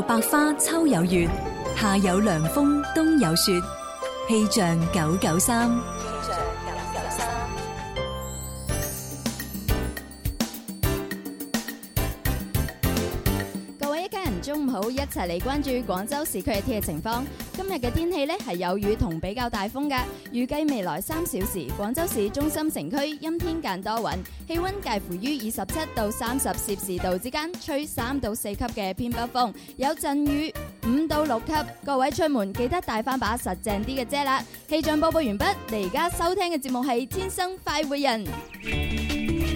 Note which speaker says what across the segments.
Speaker 1: 有百花秋有月，夏有涼風，冬有雪，氣象九九三。一齊嚟關注廣州市區嘅天氣情況。今日嘅天氣咧係有雨同比較大風噶。預計未來三小時，廣州市中心城區陰天間多雲，氣溫介乎於二十七到三十攝氏度之間，吹三到四級嘅偏北風，有陣雨，五到六級。各位出門記得帶翻把實淨啲嘅遮啦。氣象播報完畢，你而家收聽嘅節目係《天生快活人》。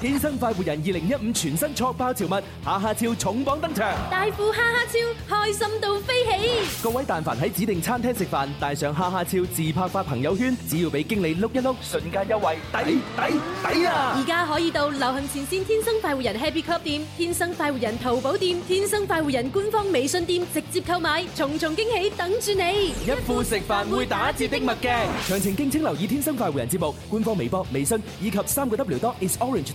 Speaker 2: 天生快活人二零一五全新錯
Speaker 3: 爆潮物，哈哈超重磅登場！
Speaker 4: 大富哈哈超開心到飛起！各
Speaker 3: 位但凡喺指定餐廳食飯，帶上哈哈超自拍發朋友圈，只要俾經理碌一碌，瞬
Speaker 5: 間優惠抵抵抵啊！而
Speaker 4: 家可以到流行前線天生快活人 Happy Club 店、天生快活人淘寶店、天生快活人官方微信店直接購買，重重驚喜等住你！一副食飯會打折的墨鏡，
Speaker 3: 詳情敬請留意天生快活人節目官方微博、微信以及三個 W 多 is orange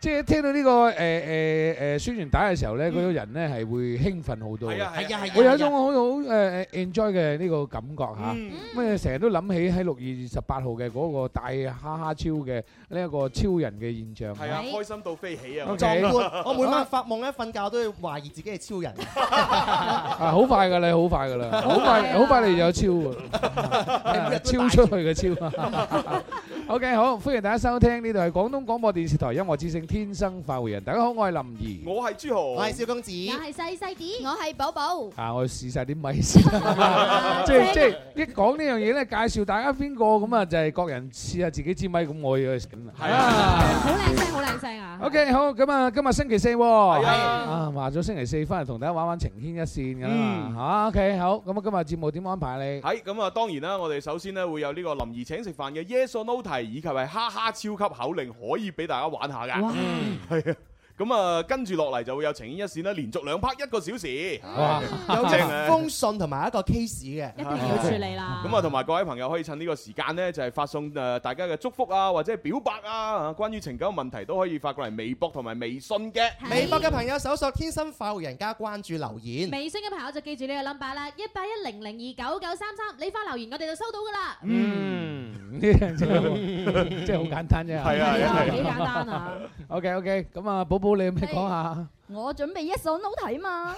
Speaker 6: 即係聽到呢個誒誒誒宣傳帶嘅時候咧，嗰個人咧係會興奮好多，係啊係啊係，我有一種好好誒誒 enjoy 嘅呢個感覺嚇。咁啊成日都諗起喺六月二十八號嘅嗰個大哈哈超嘅呢一個超人嘅現象。係啊，
Speaker 3: 開心到飛起
Speaker 7: 啊！我每晚發夢咧，瞓覺都會懷疑自己係超人。
Speaker 6: 啊，好快㗎啦，好快㗎啦，好快好快你就有超㗎，超出去嘅超啊！O.K. 好，歡迎大家收聽，呢度係廣東廣播電視台音樂之聲天生快活人。大家好，我係林兒，我係朱豪，
Speaker 7: 我係小公子，我係細細子，我係寶
Speaker 6: 寶。啊，我要試曬啲咪先，即係即係一講呢樣嘢咧，介紹大家邊個咁啊，就係各人試下自己支麥咁，我要去食啦。係啊，好靚聲，好靚聲啊。O.K. 好，咁啊，今日星期四，係啊，話咗星期四翻嚟同大家玩玩情牽一線㗎啦。嚇，O.K. 好，咁啊，今日節目點安排你？係
Speaker 3: 咁啊，當然啦，我哋首先咧會有呢個林兒請食飯嘅 Yes or No 題。以及係哈哈超級口令可以俾大家玩下嘅，嗯，係啊。咁啊，跟住落嚟就會有情牽一線啦，連續兩 part 一個小時，有一封
Speaker 7: 信同埋一個 case 嘅，一定要處理啦。
Speaker 3: 咁啊，同埋各位朋友可以趁呢個時間咧，就係發送誒大家嘅祝福啊，或者係表白啊，關於情感問題都可以發過嚟微博同埋微信嘅。微博嘅朋友搜索天生快活人家，關注留
Speaker 7: 言。
Speaker 4: 微信嘅朋友就記住呢個 number 啦，一八一零零二九九三三，你發留言我哋就收到噶啦。嗯，呢樣
Speaker 6: 嘢即係好簡單啫，係啊，係啊，幾簡單啊。OK，OK，咁啊，寶寶。你有咩講？下。
Speaker 1: 我準備一首好睇嘛。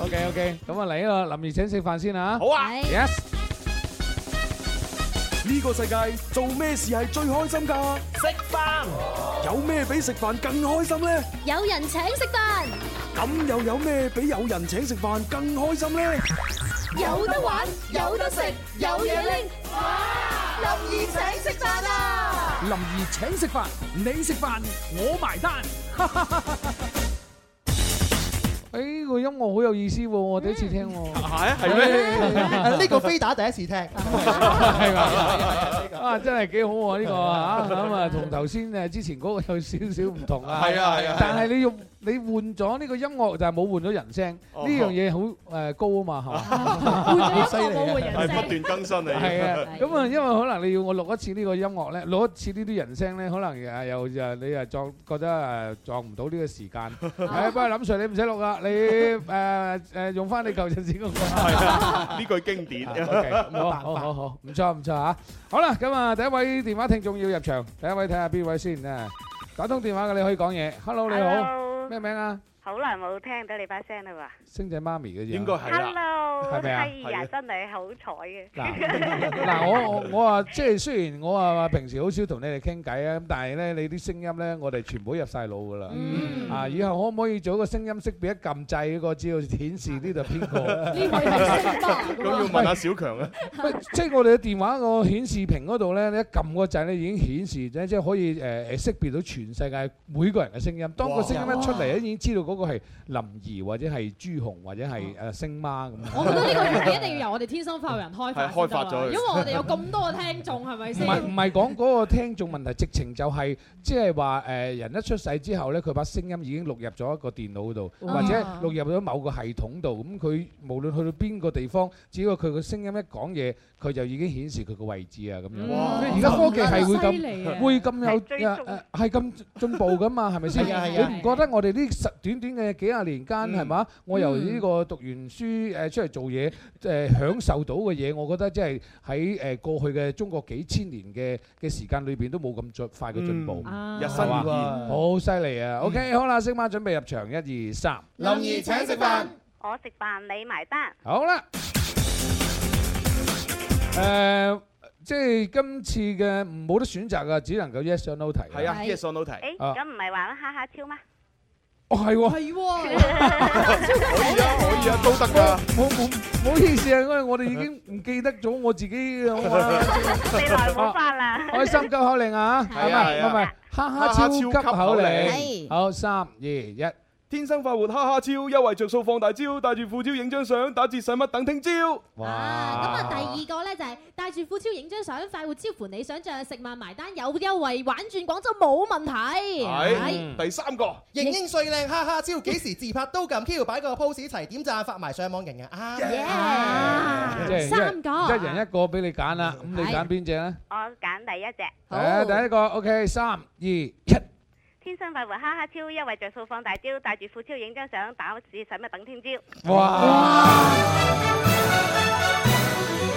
Speaker 6: OK OK，咁啊嚟咯，林如請食飯先嚇。好啊，Yes。呢個世界做咩事係最開心噶？食飯，
Speaker 3: 有咩比食飯更開心呢？
Speaker 4: 有人請食飯，
Speaker 3: 咁又有咩比有人請食飯更開心呢？
Speaker 4: 有得玩，有得食，
Speaker 8: 有嘢拎，哇！林兒請食飯啦！
Speaker 6: 林兒請食飯，你食飯我埋單。 呢、哎，這個音樂好有意思喎，我第一次聽喎，係啊，係咩？呢、這個飛打第一次聽，係嘛？啊真係幾好喎，呢個啊，咁啊，同頭先誒之前嗰個有少少唔同啦。係啊係啊， 啊 但係你用。你換咗呢個音樂就係冇換咗人聲，呢樣嘢好誒高啊嘛，係嘛？好犀利啊！係不斷更新嚟！係啊，咁啊，因為可能你要我錄一次呢個音樂咧，錄一次呢啲人聲咧，可能又又你又撞覺得誒撞唔到呢個時間，係啊，不過林 Sir 你唔使錄啦，你誒誒用翻你舊陣時嗰個係啊，呢句經典。好好好好，唔錯唔錯吓。好啦，咁啊，第一位電話聽眾要入場，第一位睇下邊位先啊，打通電話嘅你可以講嘢，Hello 你好。咩名啊？好耐冇聽到你把聲啦喎！星仔媽咪嘅嘢應該係 Hello，係咪啊？
Speaker 5: 係啊！真係好彩
Speaker 6: 嘅。嗱，嗱，我我我話，即係雖然我話話平時好少同你哋傾偈啊，咁但係咧，你啲聲音咧，我哋全部都入曬腦㗎啦。嗯。啊，以後可唔可以做個聲音識別一撳掣嗰個，知道顯示呢度邊個？呢個係邊個。
Speaker 8: 咁要問下
Speaker 6: 小強咧？唔係，即係我哋嘅電話個顯示屏嗰度咧，你一撳個掣咧，已經顯示咧，即係可以誒誒識別到全世界每個人嘅聲音。哇！當個聲音一出嚟咧，已經知道嗰個係林怡或者係朱紅或者係誒星媽咁樣。我覺得呢個預期一定要
Speaker 4: 由我哋天生快活人開發先得。係開發咗。因為我哋有咁多個聽眾，係咪先？唔係唔係
Speaker 6: 講嗰個聽眾問題，直情就係即係話誒人一出世之後咧，佢把聲音已經錄入咗一個電腦度，或者錄入咗某個系統度。咁佢無論去到邊個地方，只要佢個聲音一講嘢，佢就已經顯示佢個位置啊咁樣。哇！而家科技係會咁，會咁有誒誒，係咁進步噶嘛？係咪先？你唔覺得我哋啲時段？短短嘅幾廿年間，係嘛？我由呢個讀完書誒出嚟做嘢，誒享受到嘅嘢，我覺得即係喺誒過去嘅中國幾千年嘅嘅時間裏邊都冇咁快嘅進步，日新月異，好犀利啊！OK，好啦，星媽準備入場，一二三，林怡請
Speaker 8: 食
Speaker 5: 飯，我食飯你埋單，
Speaker 6: 好啦。誒，即係今次嘅冇得選擇㗎，只能夠 yes or no 題，係啊，yes or no 題。誒，咁唔係話
Speaker 5: 啦，哈哈超嗎？哦係喎，係喎，可以啊，可以啊，都得噶、啊。
Speaker 6: 我我唔好意思啊，因為我哋已經唔記得咗我自己嘅我 啊，四還五發啦。開心、哎、口令啊，係咪、啊？唔係，啊、bye bye. 哈哈
Speaker 3: 超，哈哈超級口令，是好，三、二、一。天生快活，哈哈超優惠着數放大招，帶住富超影張相，打折使乜等聽朝。啊，咁啊，第二
Speaker 4: 個咧就係帶住富超影張相，快活超乎你想象，食萬埋單有優惠，玩轉廣州冇問題。係，第三個，英英帥靚，哈哈超幾時自拍都撳 Q 擺個
Speaker 7: pose 一齊點讚，發埋上網型嘅啊耶！
Speaker 6: 即係一人一個俾你揀啦，咁你揀邊隻咧？
Speaker 5: 我揀第一隻。好，第
Speaker 6: 一個 OK，三二一。
Speaker 5: 天生快活哈哈超，優
Speaker 6: 惠着數放大招，帶住富超影張相，打字使乜等天朝？哇！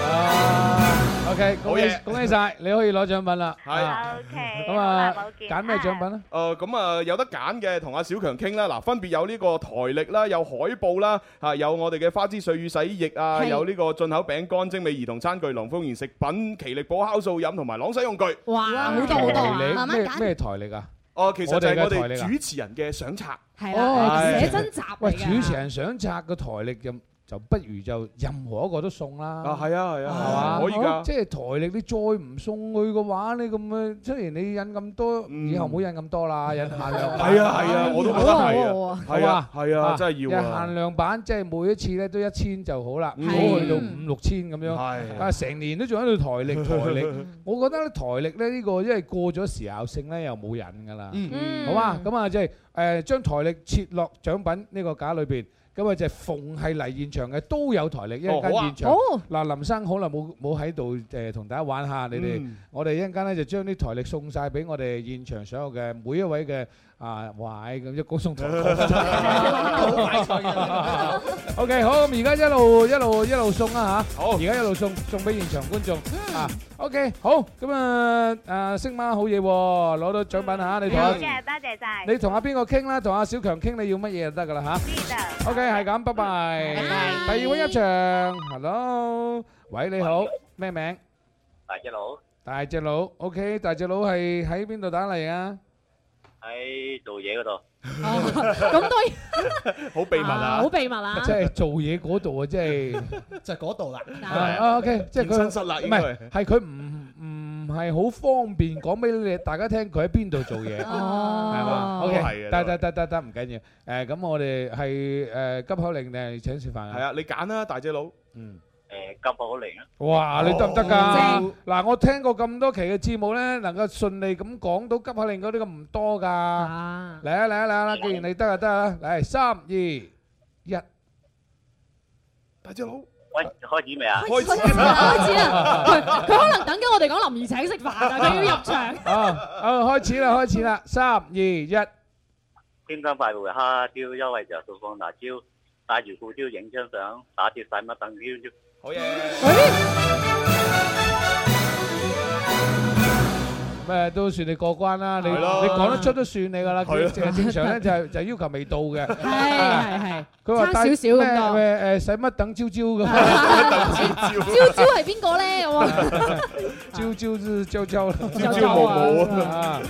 Speaker 6: 啊，OK，恭喜恭喜晒，你可以攞獎品啦。係，咁啊，揀咩
Speaker 3: 獎品咧？誒，咁啊有得揀嘅，同阿小強傾啦。嗱，分別有呢個檯曆啦，有海報啦，吓有我哋嘅花枝水乳洗衣液啊，有呢個進口餅乾精美兒童餐具、龍豐源食品、奇力寶酵素飲同埋朗西用具。哇！好多好多，係咩檯曆啊？哦，其實就係我哋主持人嘅相冊，哦，寫真
Speaker 4: 集，
Speaker 6: 主持人相冊、個台曆又？就不如就任何一個都送啦。啊，係啊，係啊，係嘛，可以㗎。即係台曆，你再唔送佢嘅話，你咁樣，雖然你引咁多，以後唔好引咁多啦，引限量。係啊，係啊，我都覺得係。好過我喎。係啊，係啊，真係要啊。限量版即係每一次咧都一千就好啦，唔好去到五六千咁樣。係。但係成年都仲喺度台曆台曆，我覺得咧台曆咧呢個因為過咗時效性咧又冇引㗎啦。嗯嗯。好嘛，咁啊即係誒將台曆設落獎品呢個架裏邊。咁啊，就是逢係嚟現場嘅都有台曆，哦、一陣間現場嗱、啊啊，林生好耐冇冇喺度誒，同、呃、大家玩下你哋，嗯、我哋一陣間咧就將啲台曆送晒俾我哋現場所有嘅每一位嘅。啊，哇！咁一高送台好大台，OK，好咁而家一路一路一路送啊嚇！好，而家一路送送俾現場觀眾啊。OK，好咁啊！誒，星媽好嘢，攞到獎品啊！嚇，你多謝多謝
Speaker 1: 晒。你
Speaker 6: 同阿邊個傾啦？同阿小強傾，你要乜嘢就得㗎啦嚇。OK，係咁，拜拜。拜拜。第二位入場，Hello，喂你好，咩名？大隻佬。大隻佬，OK，大隻佬係喺邊度打嚟啊？
Speaker 5: 喺做嘢嗰度，咁都好秘密啊！好秘
Speaker 4: 密啊！即係
Speaker 6: 做嘢嗰度啊，即
Speaker 4: 係就嗰度啦。啊
Speaker 6: OK，即係佢唔係好方便講俾你大家聽，佢喺邊度做嘢。哦，OK，得得得得得，唔緊要。誒，咁我哋係誒急口令定係請食飯啊？係啊，
Speaker 3: 你揀啦，大隻佬。嗯。誒，急口令啊！哇，你得唔得噶？
Speaker 6: 嗱，我聽過咁多期嘅節目咧，能夠順利咁講到急口令嗰啲咁唔多噶。嚟啊嚟啊嚟啊！既然你得啊得啊，嚟三二一，大招！
Speaker 2: 喂，開始未啊？開始啦！開始啦！
Speaker 5: 佢可能等緊我哋講林儀請食
Speaker 6: 飯啊！佢要入場。啊啊！開始啦開始啦！三二一，
Speaker 5: 天生快活蝦招，優惠就到放大招，帶住副招影張相，打折晒乜等招。
Speaker 6: 好嘢！咩都算你過關啦，你你講得出都算你噶啦。佢正常咧就係就要求未到嘅。係係係。佢話少少嘅使乜等朝朝咁？等朝朝？朝朝係
Speaker 4: 邊個咧？咁啊？
Speaker 6: 朝朝朝朝朝朝冇冇啊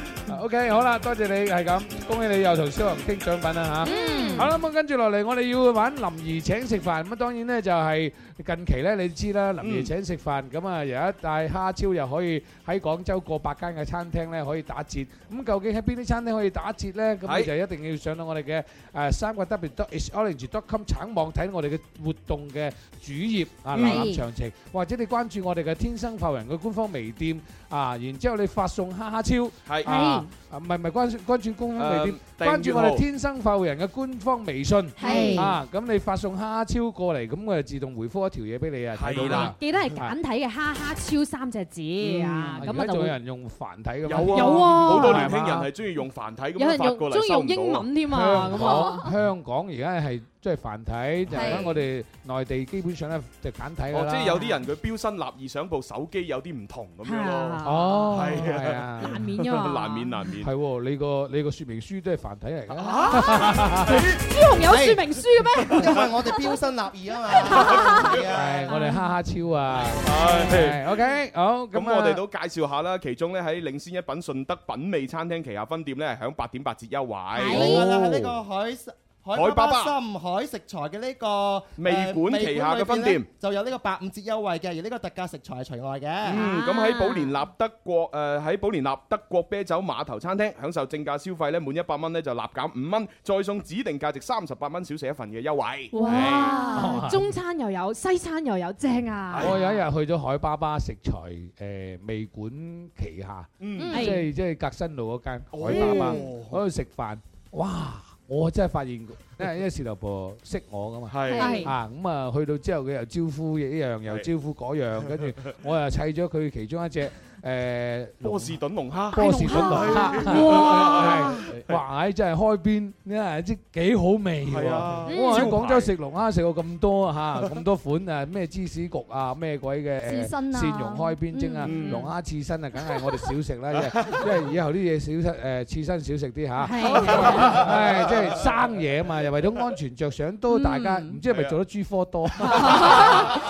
Speaker 6: ！OK，好啦，多謝你，係咁，恭喜你又同消防拎獎品啦吓。嗯。好啦，咁跟住落嚟，我哋要玩林兒請食飯。咁啊，當然咧就係。近期咧，你知啦，林夜請食飯，咁啊、嗯，有一大蝦超又可以喺廣州過百間嘅餐廳咧可以打折。咁究竟喺邊啲餐廳可以打折咧？咁你是就一定要上到我哋嘅誒三個 W dot orange dot com 橙網睇我哋嘅活動嘅主頁啊，瀏覽、嗯、詳情，或者你關注我哋嘅天生快活人嘅官方微店。啊！然之後你發送哈哈超，係係，唔係唔係關注關注官方微店，關注我哋天生快活人嘅官方微信。係啊，咁你發送哈哈超過嚟，咁我哋自動回覆一條嘢俾你啊。睇到啦，記得係簡
Speaker 4: 體嘅哈哈超三隻字啊。咁仲有人
Speaker 6: 用繁體嘅，有啊，好多年輕人係中意用繁體咁樣發過嚟都唔到。香港，香港而家係。即係繁體，就係我哋內地基本上咧就簡體啦。哦，即係有啲人
Speaker 3: 佢標新立異，想部手機有啲唔同咁樣咯。哦，係啊，難免㗎，難免難
Speaker 6: 免。係喎，你個你個說明書都係繁體嚟㗎。朱紅有
Speaker 7: 說明書嘅咩？因為我哋標新立異啊嘛。係，我哋哈哈
Speaker 6: 超啊。
Speaker 3: 係，OK，好。咁我哋都介紹下啦。其中咧喺領先一品順德品味餐廳旗下分店咧係響八點八折優惠。係，我哋喺呢個
Speaker 7: 海。海爸爸，深海食材嘅呢、呢個味館旗下嘅分店就有呢個八五折優惠嘅，而呢個特價食材係除外嘅。呃、嗯，咁喺寶
Speaker 3: 萊納德國誒喺、呃、寶萊納德國啤酒碼頭餐廳享受正價消費咧，滿一百蚊咧就立減五蚊，再送指定價值三十八蚊小食一份嘅優惠。
Speaker 4: 哇！是中餐又， 餐又有，西餐又有，正啊！我有一
Speaker 6: 日去咗海爸爸食材誒味、呃、館旗下，即係即係革新路嗰間海爸爸嗰度食飯，哇！我真係發現，因為因為事頭婆識我㗎嘛，啊咁啊，啊、嗯、去到之後佢又招呼一樣，啊、又招呼嗰樣，跟住我又砌咗佢其中一隻。誒波士頓龍蝦，波士頓龍蝦，哇！哇！誒，真係開邊，真係即幾好味。喎喺廣州食龍蝦食過咁多嚇，咁多款誒，咩芝士焗啊，咩鬼嘅，蒜蓉開邊蒸啊，龍蝦刺身啊，梗係我哋少食啦，即係即係以後啲嘢少食誒，刺身少食啲嚇。係，係即係生嘢啊嘛，又為咗安全着想，都大家唔知係咪做得 G 貨多。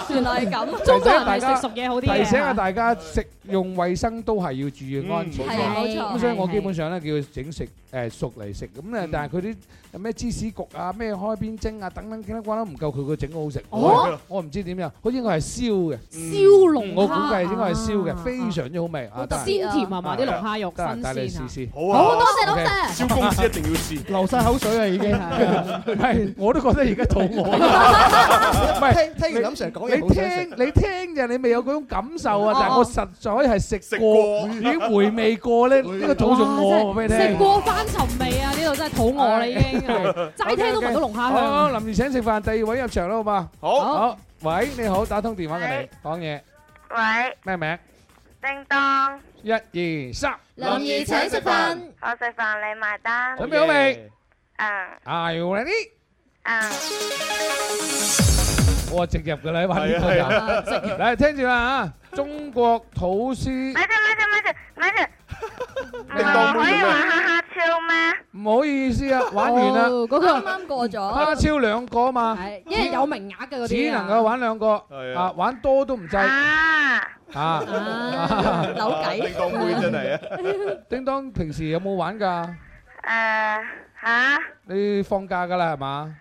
Speaker 6: 原來係咁，中國人係食熟嘢好啲嘅。提醒下大家食用。衛生都係要注意安全，咁所以我基本上咧是是 叫佢整食。誒熟嚟食咁咧，但係佢啲咩芝士焗啊、咩開邊蒸啊等等，傾得關都唔夠佢個整好食。我我唔知點樣，佢應該係燒嘅燒
Speaker 8: 龍蝦，我估計應
Speaker 6: 該係燒嘅，非常之好味。鮮甜啊，啲龍蝦肉新鮮啊。帶你去試試。好多謝，多謝。燒公仔一定要試。流曬口水啦，已經係我都覺得而家肚餓。唔係聽完林 sir 講嘢，你聽你聽就你未有嗰種感受啊。但係我實在係食過，已經回味過咧，呢個肚仲餓俾你聽。食過
Speaker 4: 翻。真沉味啊！呢度真係肚餓啦，已經齋聽都聞到龍蝦
Speaker 6: 香。林儀請食飯，第二位入場啦，好嘛？好，好，喂，你好，打通電話畀你講嘢。喂，咩名？叮噹。一二三，林儀請食飯，我食飯
Speaker 2: 你埋單。準備好未？
Speaker 6: 啊。are you ready？
Speaker 2: 啊。
Speaker 6: 我係直入嘅咧，玩呢個職業。來聽住啦，中國土司。咪住咪住咪住咪住。
Speaker 1: 唔可以玩哈
Speaker 6: 哈超咩？唔好意思啊，玩完啦，個啱啱
Speaker 1: 過咗，哈哈超兩個啊嘛，係，因為有名額嘅嗰啲，只能夠
Speaker 6: 玩兩個，啊，玩多都唔制啊，啊，扭計，叮當會真係啊，叮當平時有冇玩噶？
Speaker 1: 誒，吓？
Speaker 6: 你放假噶啦係嘛？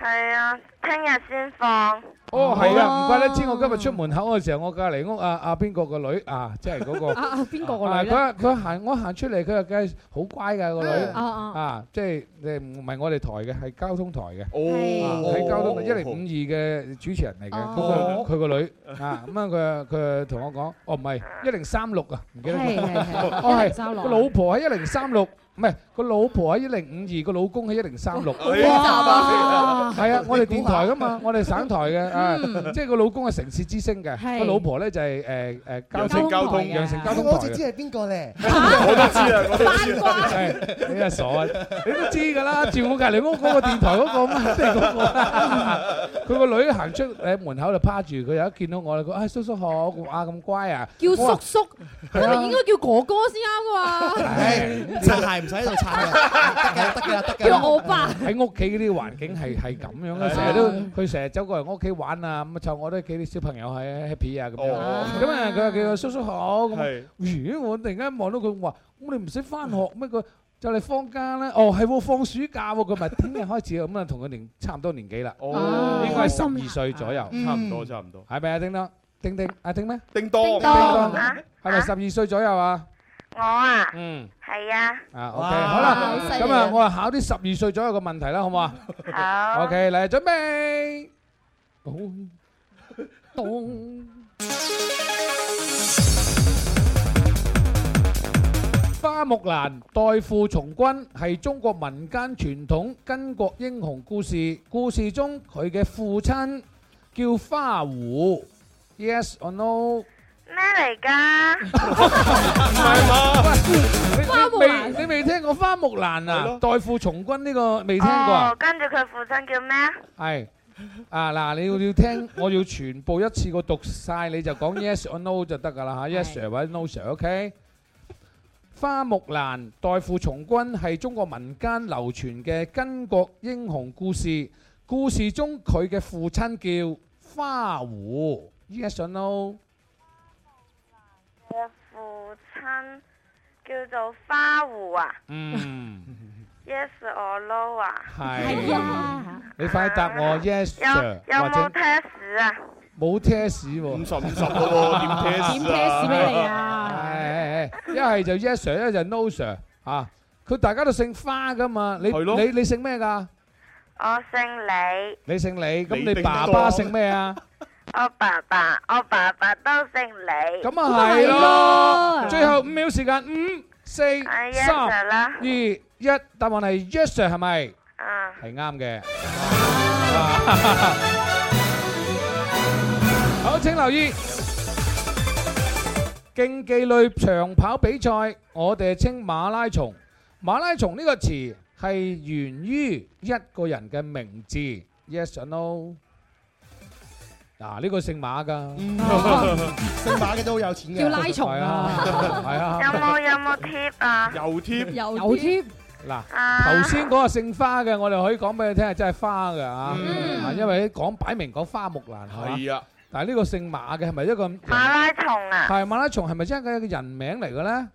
Speaker 1: 係啊，聽日先放。哦，係啊，唔怪得之，
Speaker 6: 我今日出門口嘅時候，我隔籬屋啊啊邊個個女啊，即係嗰個
Speaker 5: 邊個個女，
Speaker 6: 佢行我行出嚟，佢梗係好乖噶個女，啊，即係誒唔係我哋台嘅，係交通台嘅，喺交通一零五二嘅主持人嚟嘅，佢個女啊，咁啊佢佢同我講，哦唔係一零三六啊，唔記得咗，我係個老婆喺一零三六。唔係個老婆喺一零五二，個老公喺一零三六。哇！係啊，我哋電台噶嘛，我哋省台嘅啊，即係個老公係城市之聲嘅，個老婆咧就係誒誒交通羊城交通台啊。我知知係
Speaker 7: 邊個咧？
Speaker 6: 我都知啦，我都知啦，你係傻啊？你都知㗎啦，住我隔離屋嗰個電台嗰個嘛，即係嗰個啦。佢個女行出喺門口就趴住，佢一見到我咧，佢誒叔叔好啊，咁乖啊，叫叔叔，唔係應該
Speaker 4: 叫哥哥先啱㗎嘛？
Speaker 6: 真係。唔使喺度擦得得得，我爸喺屋企嗰啲環境係係咁樣嘅，成日都佢成日走過嚟我屋企玩啊，咁啊湊我都幾啲小朋友係 happy 啊咁樣。咁啊佢佢叫叔叔好咁。如果我突然間望到佢話，我哋唔使翻學咩？佢就嚟放假啦。哦，係喎，放暑假喎，佢咪聽日開始咁啊，同佢年差唔多年紀啦。哦，應該係十二歲左右，差唔多，差唔多。係咪啊？叮當、叮叮、阿叮咩？叮當、叮當，係咪十二歲左右啊？我啊。
Speaker 5: 嗯。係啊，
Speaker 8: 啊 OK，好啦，咁啊，啊嗯、我啊考
Speaker 6: 啲十二歲左右嘅問題啦，好唔好好、啊，OK，嚟準備。咚 花木蘭代父從軍係中國民間傳統巾幗英雄故事，故事中佢嘅父親叫花弧。Yes or no？咩嚟噶？唔係嘛？你未你未聽過花木蘭啊？代父從軍呢個未聽過啊？跟住佢父親叫咩啊？係啊嗱，你要要聽，我要全部一次過讀晒，你就講 yes or no 就得噶啦吓，yes or no，ok？花木蘭代父從軍係中國民間流傳嘅巾幗英雄故事。故事中佢嘅父親叫花弧，yes or no？
Speaker 5: 父親叫做花湖啊？嗯，Yes or No 啊？係，係啊，你快答我
Speaker 6: Yes 啊？有冇 test
Speaker 8: 啊？
Speaker 6: 冇 test 喎，五十五十咯喎，點 test 啊？點 test 俾你啊？系系系，一係就 Yes 啊，一就 No sir 啊？吓，佢大家都姓花噶嘛？你你你姓咩噶？我姓李。你姓李，咁你爸爸姓咩啊？我爸爸，我爸爸都姓李。咁啊，係咯。最後五秒時間，五、四、三、二、一，答案係 Yes sir，係咪？啊，係啱嘅。好，請留意，競技類長跑比賽，我哋係稱馬拉松。馬拉松呢個詞係源於一個人嘅名字，Yes or No？嗱，呢、啊這個姓馬㗎，啊、姓馬嘅都好有錢嘅，叫拉松、嗯，啊，係啊，有冇有冇貼啊？有貼，有貼。嗱，頭先嗰個姓花嘅，我哋可以講俾你聽，係真係花嘅啊，因為講擺明講花木蘭係啊，但係呢個姓馬嘅係咪一個馬拉
Speaker 5: 松？啊？係
Speaker 6: 馬拉松係咪真係一個人名嚟嘅咧？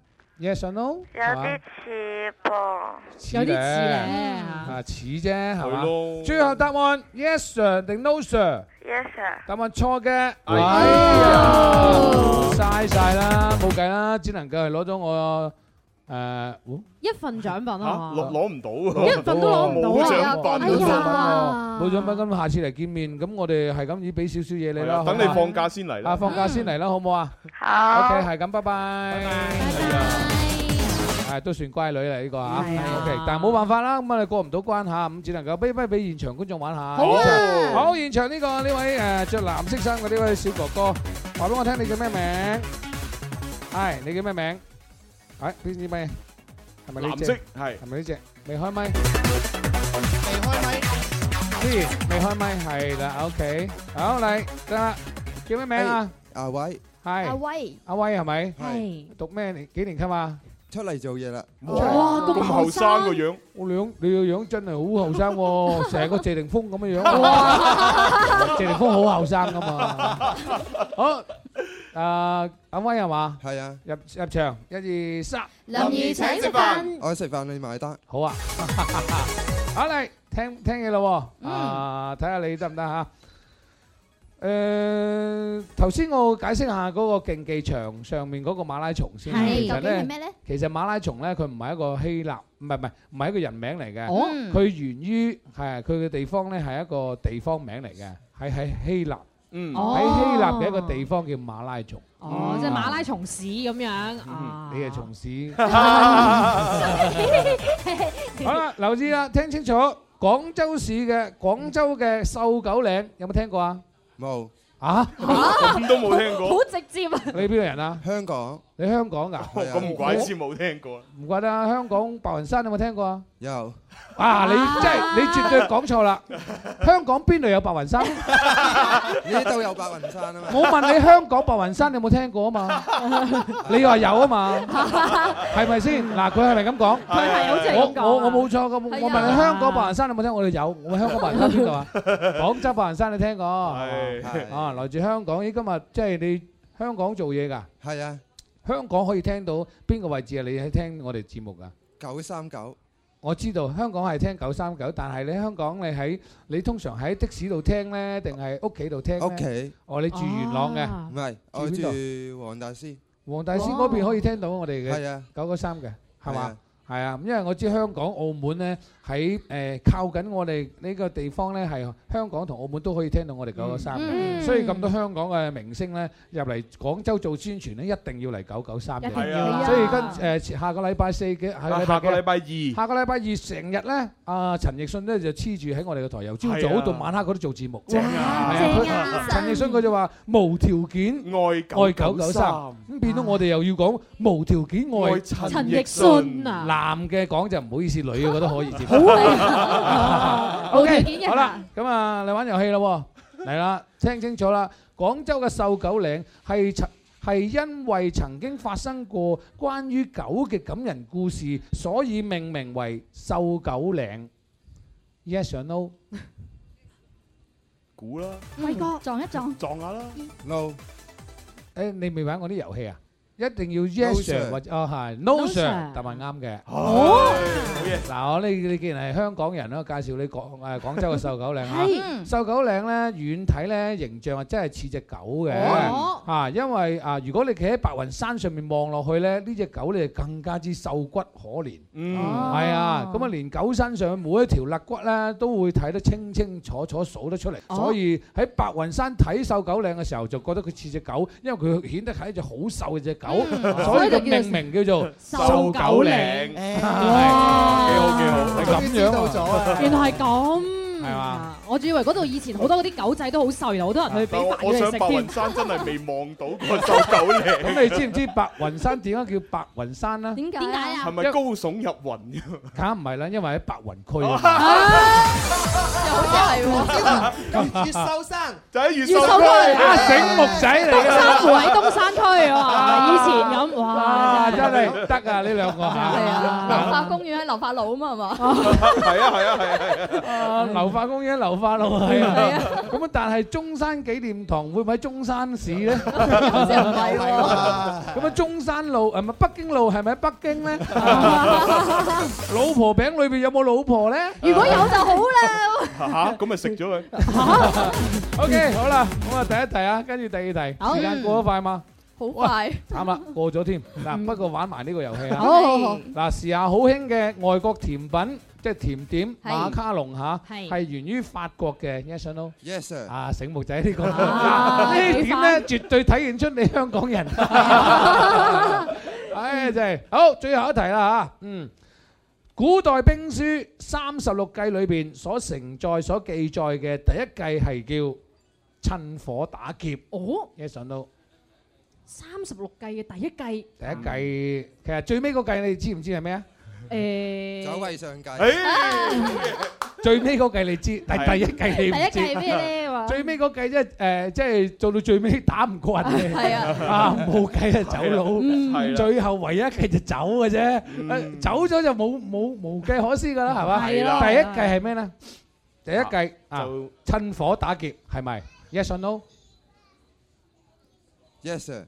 Speaker 6: Yes sir no，有啲似噃，吧有啲似咧，啊似啫係嘛。咯最後答案 ，Yes sir 定 No sir？Yes sir。Yes sir. 答案錯嘅，哎呀，嘥晒啦，冇計啦，只能夠係攞咗我。
Speaker 4: 誒，一份獎品啊，攞
Speaker 6: 唔到，一份都攞唔到啊！冇獎
Speaker 4: 品，冇
Speaker 6: 獎品，咁下次嚟見面，咁我哋係咁要俾少少嘢你啦。等你放假先嚟啦。啊，放假先嚟啦，好唔好啊？好。OK，係咁，拜拜。拜拜。係啊，係都算乖女嚟呢個啊。係。OK，但係冇辦法啦，咁啊你過唔到關吓，咁只能夠俾一俾現場觀眾玩下。好，好，現場呢個呢位誒着藍色衫嘅呢位小哥哥，話俾我聽你叫咩名？係，你叫咩名？喂，係邊隻咪？係咪呢隻？係咪呢隻？未開咪，
Speaker 1: 未開
Speaker 6: 咪，未開咪，係啦，OK，好嚟，得啦，叫咩名啊？阿威，係阿威，阿威係咪？係讀咩年？幾年級啊？出嚟做嘢啦！哇，
Speaker 1: 咁後
Speaker 6: 生個樣，我樣你個樣真係好後生，成個謝霆鋒咁嘅樣！謝霆鋒好後生㗎嘛！好。誒，阿威係嘛？係啊！入入場，一、二、三。林兒請食飯。我食飯你埋單。好啊。好嚟，聽聽嘢咯喎。嗯。睇下你得唔得嚇？誒，頭先我解釋下嗰個競技場上面嗰個馬拉松先。係咩咧，其實馬拉松咧，佢唔係一個希臘，唔係唔係唔係一個人名嚟嘅。哦。佢源於係佢嘅地方咧，係一個地方名嚟嘅，係喺希臘。嗯，喺希臘嘅一個地方叫馬拉松，哦，即係馬拉
Speaker 4: 松市咁樣，
Speaker 6: 你係從市。好啦，劉智啦，聽清楚，廣州市嘅廣州嘅瘦狗嶺有冇聽過啊？冇，啊，咁都冇聽過，好直接。你邊個人啊？香港。你香港噶？咁唔怪之冇聽過。唔怪得，香港白雲山有冇聽過啊？有。啊，你即係你絕對講錯啦！香港邊度有白雲山？你都有白雲山啊嘛。我問你香港白雲山有冇聽過啊嘛？你話有啊嘛？係咪先？嗱，佢係咪咁講？佢係好似咁講。我我我冇錯，我我問你香港白雲山有冇聽？我哋有。我香港白雲山邊度啊？廣州白雲山你聽過？係。啊，來自香港，咦，今日即係你香港做嘢㗎。係啊。香港可以聽到邊個位置啊？你喺聽我哋節目噶？九三九，我知道香港係聽九三九，但係你香港你喺你通常喺的士度聽咧，定係屋企度聽？屋企哦，你住元朗嘅，唔係，我住黃大仙。黃大仙嗰邊可以聽到我哋嘅，係啊，九個三嘅，係嘛？係啊，因為我知香港、澳門咧。喺誒靠近我哋呢個地方咧，係香港同澳門都可以聽到我哋九九三，所以咁多香港嘅明星咧入嚟廣州做宣傳咧，一定要嚟九九三，一定要啊！所以跟誒下個禮拜四嘅係下個禮拜二，下個禮拜二成日咧，阿陳奕迅咧就黐住喺我哋個台，由朝早到晚黑嗰度做節目，哇正啊！陳奕迅佢就話無條件愛愛九九三，咁變到我哋又要講無條件愛陳奕迅啊！男嘅講就唔好意思，女嘅我覺得可以接。O.K. 好啦，咁啊，你玩遊戲啦，嚟啦，聽清楚啦，廣州嘅瘦狗嶺係係因為曾經發生過關於狗嘅感人故事，所以命名為瘦狗嶺。Yes or no？估啦，偉哥撞一撞，撞下啦。No。誒，你未玩過啲遊戲啊？一定要 yes or 或者啊，係 no sir，答埋啱嘅。嗱，我你你既然係香港人啦，介紹你廣誒廣州嘅瘦狗嶺啊！瘦狗嶺咧，遠睇咧形象啊，真係似隻狗嘅，嚇！因為啊，如果你企喺白雲山上面望落去咧，呢隻狗咧就更加之瘦骨可憐，嗯，係啊，咁啊連狗身上每一條肋骨咧都會睇得清清楚楚數得出嚟，所以喺白雲山睇瘦狗嶺嘅時候就覺得佢似隻狗，因為佢顯得係一隻好瘦嘅隻狗，所以就命名叫做瘦狗嶺。幾好幾好，係咁樣樣，
Speaker 4: 原來係咁。
Speaker 6: 係嘛？
Speaker 4: 我仲以為嗰度以前好多嗰啲狗仔都好瘦，然後好多人去俾飯佢食添。我想白雲山
Speaker 3: 真係未望到過走狗嘅。咁你知唔知
Speaker 6: 白雲山點解叫白雲
Speaker 4: 山咧？點解啊？係咪
Speaker 6: 高聳入雲㗎？梗唔係啦，因為喺白雲區啊。
Speaker 4: 又
Speaker 6: 好
Speaker 1: 似
Speaker 4: 係喎，
Speaker 6: 越秀山就喺越秀區。醒目仔嚟嘅。東山湖喺東山區啊嘛，以前咁哇，真係得啊呢兩個嚇。係啊，流
Speaker 1: 花公園喺流花路啊嘛，係嘛？係啊係啊
Speaker 6: 係啊。化工煙流化路係啊，係啊，咁啊，但係中山紀念堂會唔會喺中山市咧？咁啊，中山路係咪北京路係咪喺北京咧？老婆餅裏邊有冇老婆咧？如果有就好
Speaker 4: 啦。嚇，
Speaker 6: 咁咪食咗佢。OK，好啦，咁啊，第一題啊，跟住第二題，時間過得快嘛，
Speaker 4: 好
Speaker 6: 快，啱啦，過咗添。嗱，不過玩埋呢個遊戲啊。好，嗱，時下好興嘅外國甜品。即係甜點馬卡龍，嚇，係源於法國嘅。yes no，yes sir，啊醒目仔呢個呢點咧，絕對體現出你香港人。唉，就係好，最後一題啦嚇，
Speaker 8: 嗯，
Speaker 6: 古代兵書《三十六計》裏邊所承載、所記載嘅第一計係叫趁火打劫。哦，yes no，三十六
Speaker 4: 計嘅第一計，
Speaker 6: 第一計其實最尾個計你知唔知係咩啊？
Speaker 4: 誒，走為上計。誒，
Speaker 6: 最尾嗰計你知，但第一計你唔知。第一計係咩咧？話最尾嗰計即係誒，即係做到最尾打唔過人哋。係啊，啊冇計啊走佬。嗯，最後唯一計就走嘅啫。嗯，走咗就冇冇冇計可施噶啦，係嘛？係啦。第一計係咩咧？
Speaker 1: 第一計
Speaker 6: 啊，趁火打劫係咪？Yes or no？Yes sir。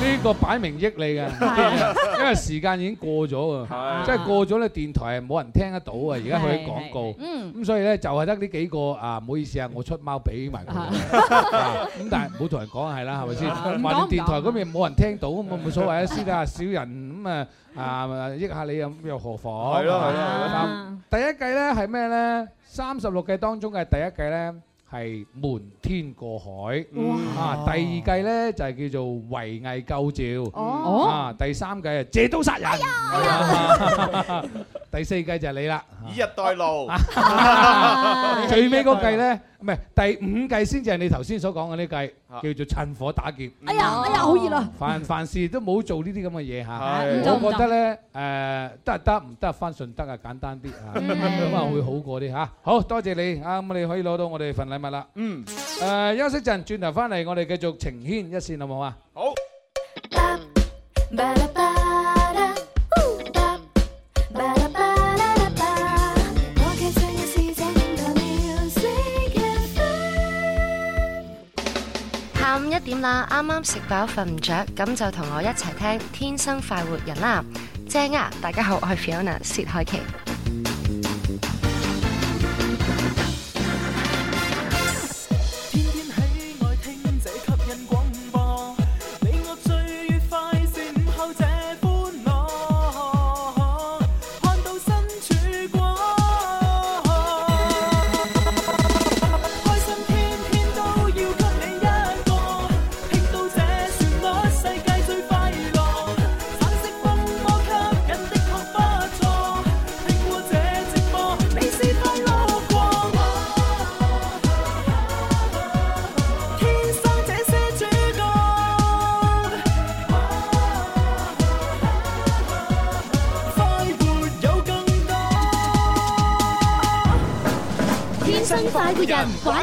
Speaker 6: 呢個擺明益你嘅，因為時間已經過咗啊，即係過咗咧，電台係冇人聽得到啊！而家佢啲廣告，咁所以咧就係得呢幾個啊，唔好意思啊，我出貓俾埋佢，咁但係唔好同人講係啦，係咪先？話電台嗰邊冇人聽到，咁冇所謂啊！先得少人，咁啊啊益下你又又何妨？係咯係咯。咁第一計咧係咩咧？三十六計當中嘅第一計咧。係瞞天過海，啊！第二計咧就係叫做圍魏救趙，哦、啊！第三計啊、就是、借刀殺人，哎哎哎啊、第四計就係你啦，以逸
Speaker 3: 待勞、啊，啊啊啊啊啊、最尾嗰計咧。
Speaker 6: 唔係第五計先至係你頭先所講嘅呢計，叫做趁火打劫。哎呀，哎呀，好熱啊！凡凡事都冇做呢啲咁嘅嘢嚇。咁我覺得咧，誒得得唔得翻順德啊？簡單啲嚇，可能會好過啲嚇。好多謝你嚇，咁你可以攞到我哋份禮物啦。嗯。誒，休息陣，轉頭翻嚟，我哋繼續情牽一線，好冇啊？
Speaker 1: 好。
Speaker 2: 啦，啱啱食飽瞓唔着，咁就同我一齊聽《天生快活人》啦。正啊！大家好，我係 Fiona 薛凱琪。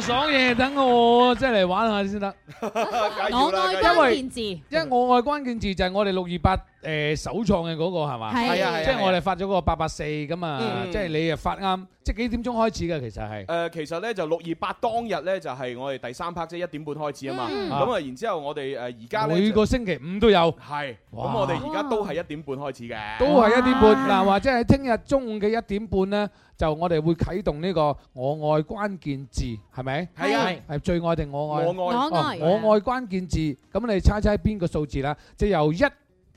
Speaker 6: 爽嘢，等我即係嚟玩下先得。
Speaker 8: 我 愛關鍵字，
Speaker 6: 因為我愛關鍵字就係我哋六二八。誒首創嘅嗰個係嘛？係啊，即係我哋發咗嗰個八八四咁啊，即係你誒發啱，即係幾點鐘開始嘅其實係
Speaker 3: 誒，其實咧就六二八當日咧就係我哋第三 part，即係一點半開始啊嘛。咁啊，然之後我哋誒而家每個
Speaker 6: 星期五都有，係咁我哋而
Speaker 3: 家都係一點半開始嘅，都係一點半嗱，
Speaker 6: 或者係聽日中午嘅一點半咧，就我哋會啟動呢個我愛關鍵字，係咪？係啊，係最愛定我愛？我愛我愛關鍵字，咁你猜猜邊個數字啦？即係由一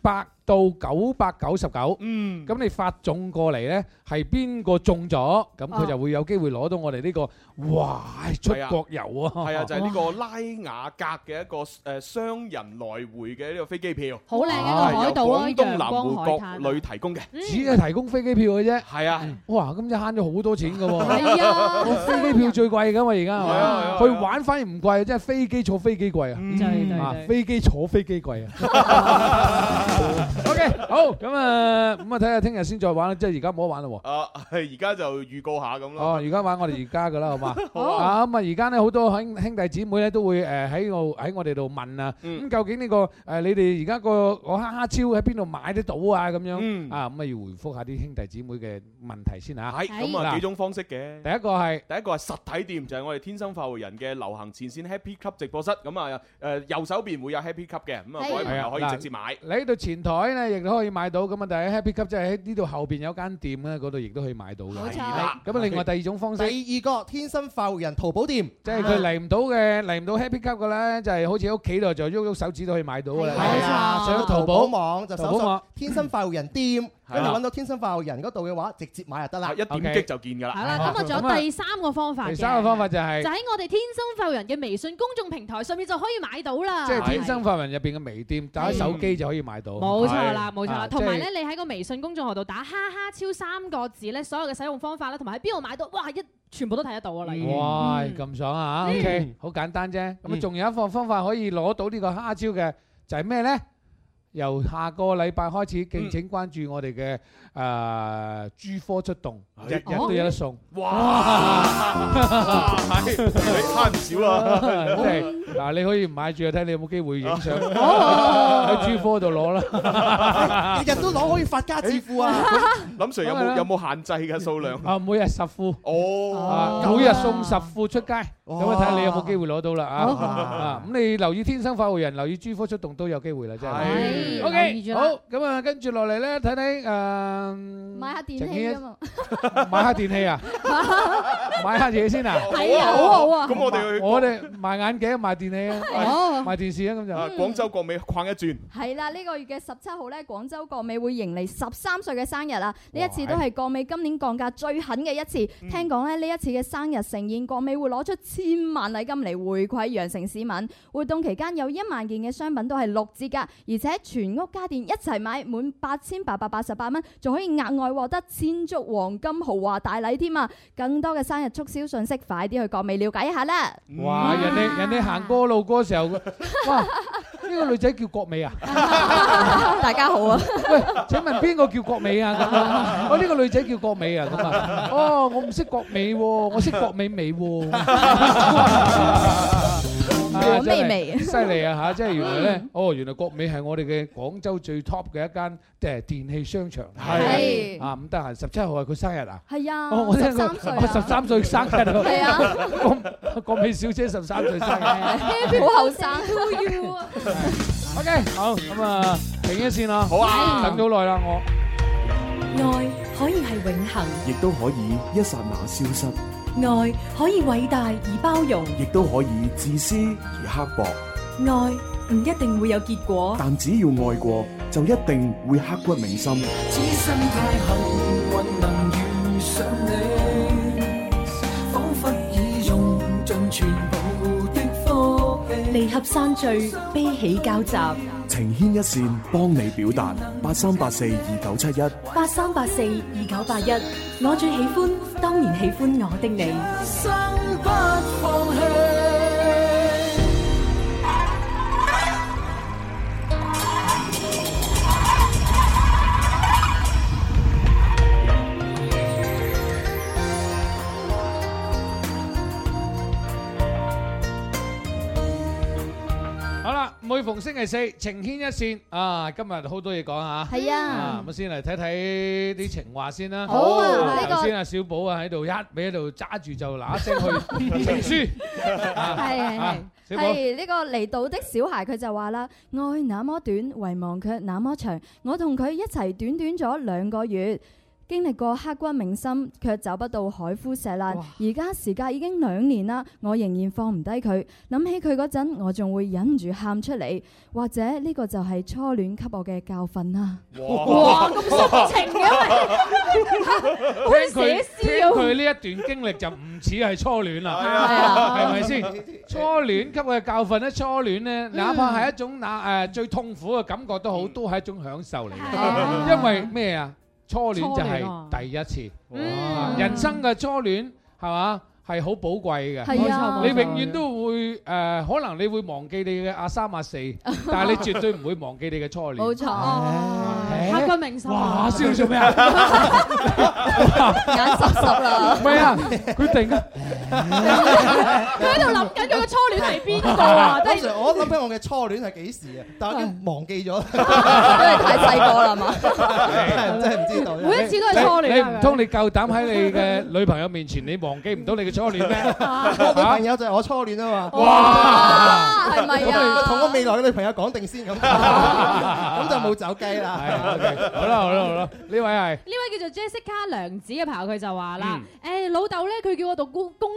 Speaker 6: 百。到九百九十九，咁你發中過嚟咧，係邊個中咗？咁佢就會有機會攞到我哋呢個哇出國遊啊！係啊，就係呢個
Speaker 3: 拉雅格嘅一個誒雙人來回嘅呢個飛機票，好靚一個海島啊！叫東南海國旅提
Speaker 6: 供嘅，只係提供飛機票嘅啫。係啊，哇！咁就慳咗好多錢㗎喎。係啊，飛機票最貴㗎嘛，而家係咪啊？係啊，去玩反而唔貴，即係飛機坐飛機貴啊！唔就係飛機坐飛機貴啊！O K，好咁啊，咁啊睇下聽日先再玩啦，即係而家冇得玩啦喎。
Speaker 3: 啊，而家就預告下咁
Speaker 6: 咯。哦，而家玩我哋而家噶啦，好嘛？好。咁啊，而家咧好多兄兄弟姊妹咧都會誒喺度喺我哋度問啊，咁究竟呢個誒你哋而家個個哈哈超喺邊度買得到啊？咁樣啊，咁啊要回覆下啲兄弟姊妹嘅問題先嚇。係，咁啊幾種方式嘅。第一個係第
Speaker 3: 一個係實體店，就係我哋天生快活人嘅流行前線 Happy Cup 直播室。咁啊誒右手邊會有 Happy Cup 嘅，咁啊各位朋友可以直接買。
Speaker 6: 你喺度前台。咧亦都可以買到，咁啊！但喺 Happy Cup 即係喺呢度後邊有間店咧，嗰度亦都可以買到嘅。冇錯，咁啊！另外第二種方式，第二個天生快活人淘寶店，即係佢嚟唔到嘅，嚟唔到 Happy Cup 嘅咧，就係好似喺屋企度就喐喐手指都可以買到嘅啦。係啊，上淘寶網就搜索天生快活人店。跟住揾到
Speaker 7: 天生快活人嗰度嘅話，直接買就得啦，一點擊就見㗎啦。係啦，咁
Speaker 6: 啊仲有第
Speaker 4: 三個方法。第三個方法就係就喺我哋天生快活人嘅微信公眾平台，上面就可以買到啦。即係天
Speaker 6: 生快活人入邊嘅微店，打開手機就可以買到。冇錯啦，冇錯啦。同埋咧，
Speaker 4: 你喺個微信公眾號度打哈哈超三個字咧，所有嘅使用方法啦，同埋喺邊度買到，哇！一全部都睇得到啦。哇！
Speaker 6: 咁爽啊！OK，好簡單啫。咁啊，仲有一個方法可以攞到呢個哈哈超嘅，就係咩咧？由下個禮拜開始，敬請關注我哋嘅。誒 G 科出動，日日都有得送，哇！係慳唔少啊，真係嗱，你可以唔買住啊，睇你有冇機會影相。喺 G 科度攞啦，
Speaker 3: 日日
Speaker 7: 都攞可以發家致富啊！
Speaker 6: 林 Sir 有冇有冇限制嘅數量？啊，每日十副哦，每日送十副出街，咁啊睇下你有冇機會攞到啦啊！咁你留意天生快活人，留意 G 科出動都有機會啦，真係。O K，好咁啊，跟住落嚟咧，睇睇誒。嗯，
Speaker 1: 買下電器啊嘛，
Speaker 6: 買下電器啊，買下嘢先啊，係 啊，好啊好啊，咁我哋去，我哋賣眼鏡，賣電器啊，哦，賣電視啊，咁就啊，廣州國美逛一轉，
Speaker 1: 係啦，嗯，呢個月嘅十七號呢，廣州國美會迎嚟十三歲嘅生日啊，呢一次都係國美今年降價最狠嘅一次，聽講咧呢一次嘅生日盛宴，國美會攞出千萬禮金嚟回饋羊城市民，活動期間有一萬件嘅商品都係六折價，而且全屋家電一齊買滿八千八百八十八蚊，仲。可以額外獲得千足黃金豪華大禮添啊！更多嘅生日促銷信息，快啲去國美了解一下啦！
Speaker 6: 哇！哇，人哋人哋行過路過時候，
Speaker 1: 哇！呢 個女仔叫國美啊！ 大家好啊！ 喂，
Speaker 6: 請問邊個叫國美啊？咁啊、 哦？我、這、呢個女仔叫國美啊？咁啊？哦，我唔識國美喎、啊，我識郭美美喎、啊。 好味味，犀利啊！嚇，即係原來咧，哦，原來國美係我哋嘅廣州最 top 嘅一間誒電器商場。係啊，咁得閒十七號係佢生日啊？係啊，十三歲，十三歲生日。係啊，國國美小姐十三歲生日，
Speaker 1: 好後生。OK，好咁啊，
Speaker 6: 停一先啦，好啊，等咗耐啦，我。愛可以係永恆，
Speaker 3: 亦都可以一剎那消失。
Speaker 4: 愛可以偉大而包容，
Speaker 3: 亦都可以自私而刻薄。
Speaker 4: 愛唔一定會有結果，
Speaker 3: 但只要愛過，就一定會刻骨銘心。
Speaker 4: 只 太幸，運能遇上你。彷彿已用盡全部的科技。離合山聚，悲喜交集。
Speaker 3: 情牽一線，幫你表達，八三八四二九七一
Speaker 4: 八三八四二九八一，我最喜歡，當然喜歡我的你。
Speaker 8: 生不放棄
Speaker 6: 每逢星期四，情牽一線啊！今日好多嘢講啊，係啊，我先嚟睇睇啲情話先啦。好、哦、啊，頭先啊，小寶啊喺度一，俾喺度揸住就嗱嗱聲去情書。係係，小寶
Speaker 1: 呢個嚟到的小孩佢就話啦：愛那麼短，遺忘卻那麼長。我同佢一齊短短咗兩個月。經歷過刻骨銘心，卻走不到海枯石爛。而家時間已經兩年啦，我仍然放唔低佢。諗起佢嗰陣，我仲會忍唔住喊出嚟。或者呢個就係初戀給我嘅教訓啦。哇，咁深情嘅，
Speaker 6: 聽佢聽佢呢一段經歷就唔似係初戀啦，係咪先？初戀給我嘅教訓咧，初戀呢，哪怕係一種那誒最痛苦嘅感覺都好，都係一種享受嚟嘅，因為咩啊？初戀就係第一次，嗯、人生嘅初戀係嘛係好寶貴嘅。啊、你永遠都會誒、呃，可能你會忘記你嘅阿三阿四，4，但係你絕對唔會忘記你嘅初戀。冇錯、啊，
Speaker 4: 拍個名相。啊、哇！笑做咩啊？ 眼濕濕啦。唔係啊，佢突然間啊。
Speaker 6: 佢喺度
Speaker 7: 諗緊佢嘅初戀係邊個啊？突然我諗起我嘅初戀係幾時啊？但係我已經忘記咗啦，太細個啦嘛，真係唔知道。每一次都係初戀。你唔通你夠膽喺你嘅
Speaker 6: 女朋友面前，你忘記唔到你嘅初戀咩？我朋
Speaker 7: 友就係我初戀啊嘛。哇，係咪啊？同我未來嘅女朋友講定先咁，咁就冇走雞啦。好啦好啦好啦，呢
Speaker 6: 位係
Speaker 4: 呢位叫做 Jessica 梁子嘅朋友，佢就話啦：誒，老豆咧，佢叫我讀公公。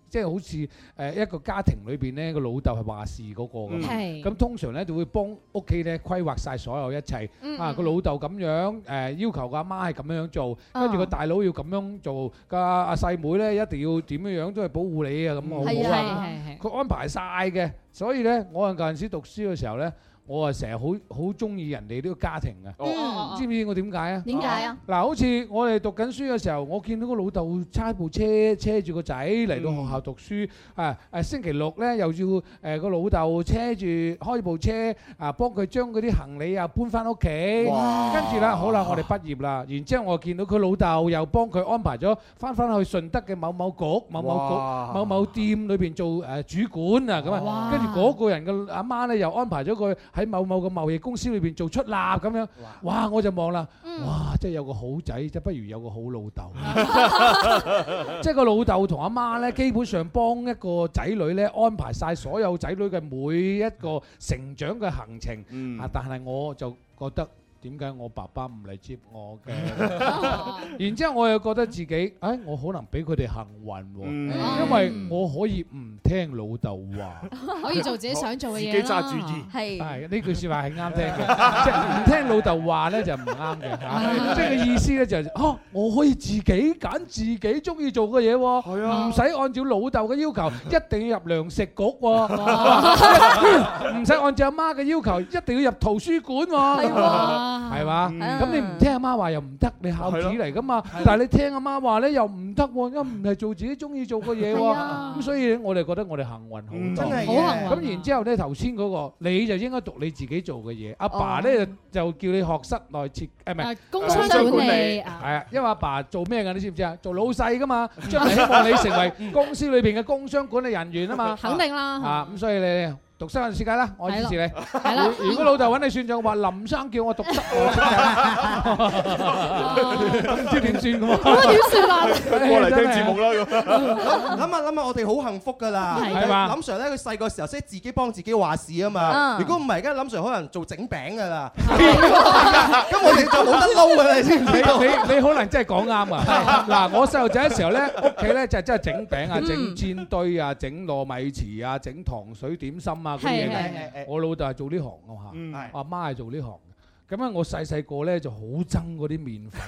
Speaker 6: 即係好似誒一個家庭裏邊呢，個老豆係話事嗰個咁，咁、嗯嗯、通常呢就會幫屋企呢規劃晒所有一切。嗯嗯啊，個老豆咁樣誒、呃，要求個阿媽係咁樣做，跟住個大佬要咁樣做，個阿細妹呢一定要點樣樣，都係保護你好好、嗯、是啊咁好啊！佢安排晒嘅，所以呢，我係舊陣時讀書嘅時候呢。我啊成日好好中意人哋呢個家庭嘅，知唔知我點解啊？點解啊？嗱，好似我哋讀緊書嘅時候，我見到個老豆揸部車車住個仔嚟到學校讀書，啊啊星期六咧又要誒個老豆車住開部車啊幫佢將嗰啲行李啊搬翻屋企，跟住啦好啦，我哋畢業啦，然之後我見到佢老豆又幫佢安排咗翻返去順德嘅某某局、某某局、某某店裏邊做誒主管啊咁啊，跟住嗰個人嘅阿媽咧又安排咗佢。喺某某個貿易公司裏邊做出納咁樣，哇，哇！我就望啦，嗯、哇！即係有個好仔，即不如有個好老豆。
Speaker 8: 即係
Speaker 6: 個老豆同阿媽呢，基本上幫一個仔女呢安排晒所有仔女嘅每一個成長嘅行程。嗯、啊，但係我就覺得。點解我爸爸唔嚟接我嘅？然之後我又覺得自己，哎，我可能俾佢哋幸運喎，因為我可以唔聽老豆話，可以做自己想做嘅嘢。自己揸主意，係係呢句説話係啱聽嘅，即係唔聽老豆話咧就唔啱嘅。即係個意思咧就係，哦，我可以自己揀自己中意做嘅嘢喎，唔使按照老豆嘅要求，一定要入糧食局喎，唔使按照阿媽嘅要求，一定要入圖書館喎。係嘛？咁你唔聽阿媽話又唔得，你孝子嚟噶嘛？但係你聽阿媽話咧又唔得，咁唔係做自己中意做嘅嘢喎。咁所以我哋覺得我哋幸運好多。咁然之後咧，頭先嗰個你就應該讀你自己做嘅嘢。阿爸咧就叫你學室內設，誒唔係，工商管理系啊，因為阿爸做咩嘅？你知唔知啊？做老細噶嘛，將嚟望你成為公司裏邊嘅工商管理人員啊嘛。肯定啦。啊，咁所以你。讀新聞世界啦，我支持你。如果老豆揾你算帳嘅話，林生叫我讀，唔
Speaker 8: 知點算
Speaker 7: 咁啊？過嚟聽節目啦咁。諗下諗下，我哋好幸福㗎啦。係嘛？林 Sir 咧，佢細個時候識自己幫自己話事啊嘛。如果唔係，而家林 Sir 可能做整餅㗎啦。
Speaker 1: 咁
Speaker 7: 我哋就冇得撈㗎啦，你知唔知道？你
Speaker 6: 你可能真係講啱啊！嗱，我細路仔嘅時候咧，屋企咧就係真係整餅啊、整煎堆啊、整糯米糍啊、整糖水點心啊。嘢嘅，我老豆係做呢行嘅嘛，阿媽係做呢行嘅，咁樣我細細個咧就好憎嗰啲麵粉，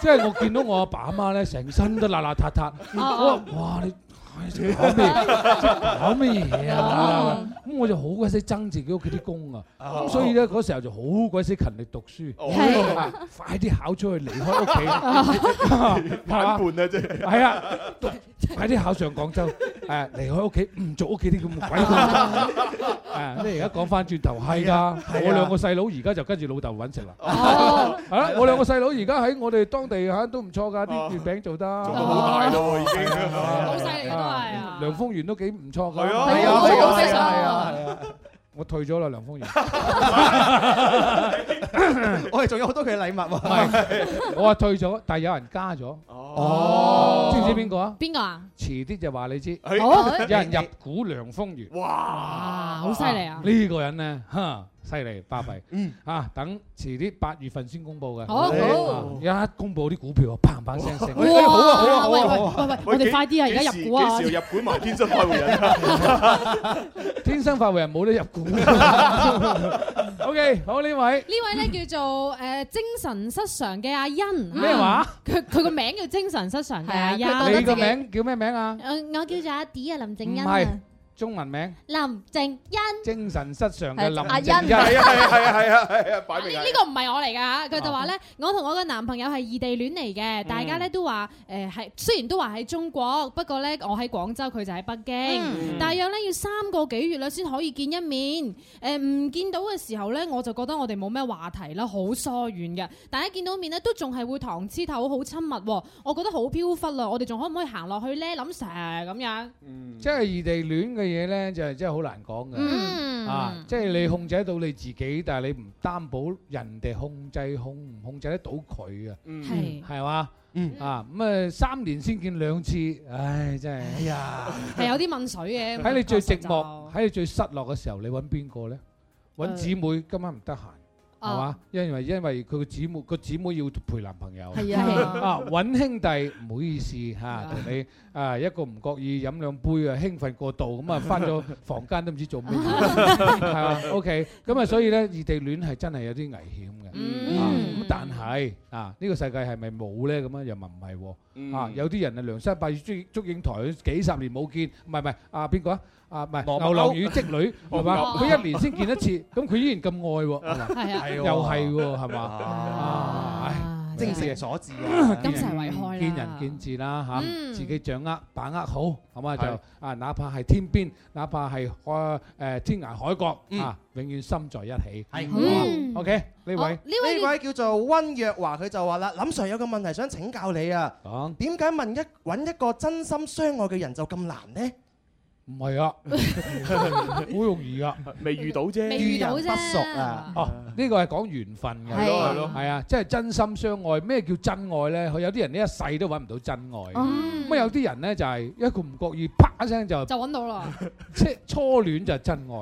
Speaker 6: 即係 我見到我阿爸阿媽咧成 身都邋邋遢遢， 我話：哇！ 你講咩？講咩嘢啊？咁我就好鬼死憎自己屋企啲工啊！咁所以咧嗰時候就好鬼死勤力讀書，快啲考出去離開屋企，係嘛？悶啊！真係啊！快啲考上廣州，誒離開屋企，唔做屋企啲咁鬼工！誒，你而家講翻轉頭係啊。我兩個細佬而家就跟住老豆揾食啦。哦，我兩個細佬而家喺我哋當地嚇都唔錯㗎，啲月餅做得做得好大咯，已經好犀利。梁風源都幾唔錯噶，係啊係啊，我退咗啦梁風源。我哋仲有好多佢嘅禮物，我話退咗，但係有人加咗，哦，知唔知邊個啊？邊個啊？遲啲就話你知，有人入股梁風源。
Speaker 4: 哇，好犀利啊！
Speaker 6: 呢個人咧，吓。犀利，巴閉啊！等遲啲八月份先公佈嘅，一公佈啲股票啊，砰砰聲聲。好啊好啊好啊！喂
Speaker 4: 喂，我哋快啲啊，而家入股啊！幾時？幾時？入
Speaker 6: 股埋天生快活人，天生快活人冇得入股。
Speaker 4: OK，好，呢位呢位咧，叫做誒，精神失常嘅阿欣。咩話？佢，佢個名叫精神失常嘅阿欣。你個名叫咩名啊？我，我叫做阿 D 啊，林正欣啊。中文名林靜欣，精神失常嘅林靜
Speaker 6: 欣。係啊係啊係啊係啊係啊！
Speaker 4: 個 uh、呢個唔係我嚟㗎，佢就話：「咧，我同我嘅男朋友係異地戀嚟嘅，uh、大家咧都話誒係，雖然都話喺中國，不過咧我喺廣州，佢就喺北京，uh um、大約咧要三個幾月啦先可以見一面。誒、呃、唔見到嘅時候咧，我就覺得我哋冇咩話題啦，好疏遠嘅。大家見到面咧都仲係會糖黐頭，好親密喎，我覺得好飄忽咯。我哋仲可唔可以行落去咧？諗成咁樣，
Speaker 6: 即係、um 嗯、異地戀嘅。嘢咧就係真係好難講嘅，嗯、
Speaker 4: 啊，
Speaker 6: 即係你控制得到你自己，但係你唔擔保人哋控制控唔控制得到佢啊，係係嘛，啊咁啊三年先見兩次，唉真係哎呀係有啲問水嘅，喺 你最寂寞、喺你最失落嘅時候，你揾邊個咧？揾姊妹、嗯、今晚唔得閒。係嘛、啊？因為因為佢個姊妹個姊妹要陪男朋友，啊揾、 啊、兄弟唔好意思嚇，同、啊、 你啊一個唔覺意飲兩杯啊興奮過度，咁啊翻咗房間都唔知做咩，係嘛？OK，咁啊所以呢，異地戀係真係有啲危險嘅，咁、嗯啊、但係啊呢、呢個世界係咪冇呢？咁啊又唔係喎。嗯、啊！有啲人啊，梁山伯與祝祝英台幾十年冇見，唔係唔係，啊邊個啊？啊唔係牛郎與織女係嘛？佢一年先見一次，咁佢依然咁愛喎，又係喎，係嘛？啊！精神所致，見仁見智啦嚇，自己掌握、把握好，咁啊就啊，哪怕係天邊，哪怕係個誒天涯海角啊，永遠心在一起。係，好，OK 呢位
Speaker 7: 呢位叫做溫若華，佢就話啦，林 Sir 有個問題想請教你啊，點解問一揾一個真心相愛嘅人就咁難呢？
Speaker 6: 唔係啊，好容易啊，未遇到啫，未遇到啫。不熟啊。哦，呢個係講緣分嘅，係咯係咯，係啊，即係真心相愛。咩叫真愛咧？佢有啲人呢一世都揾唔到真愛。咁有啲人咧就係，一個唔覺意，啪一聲就就揾到啦。即係初戀就真愛。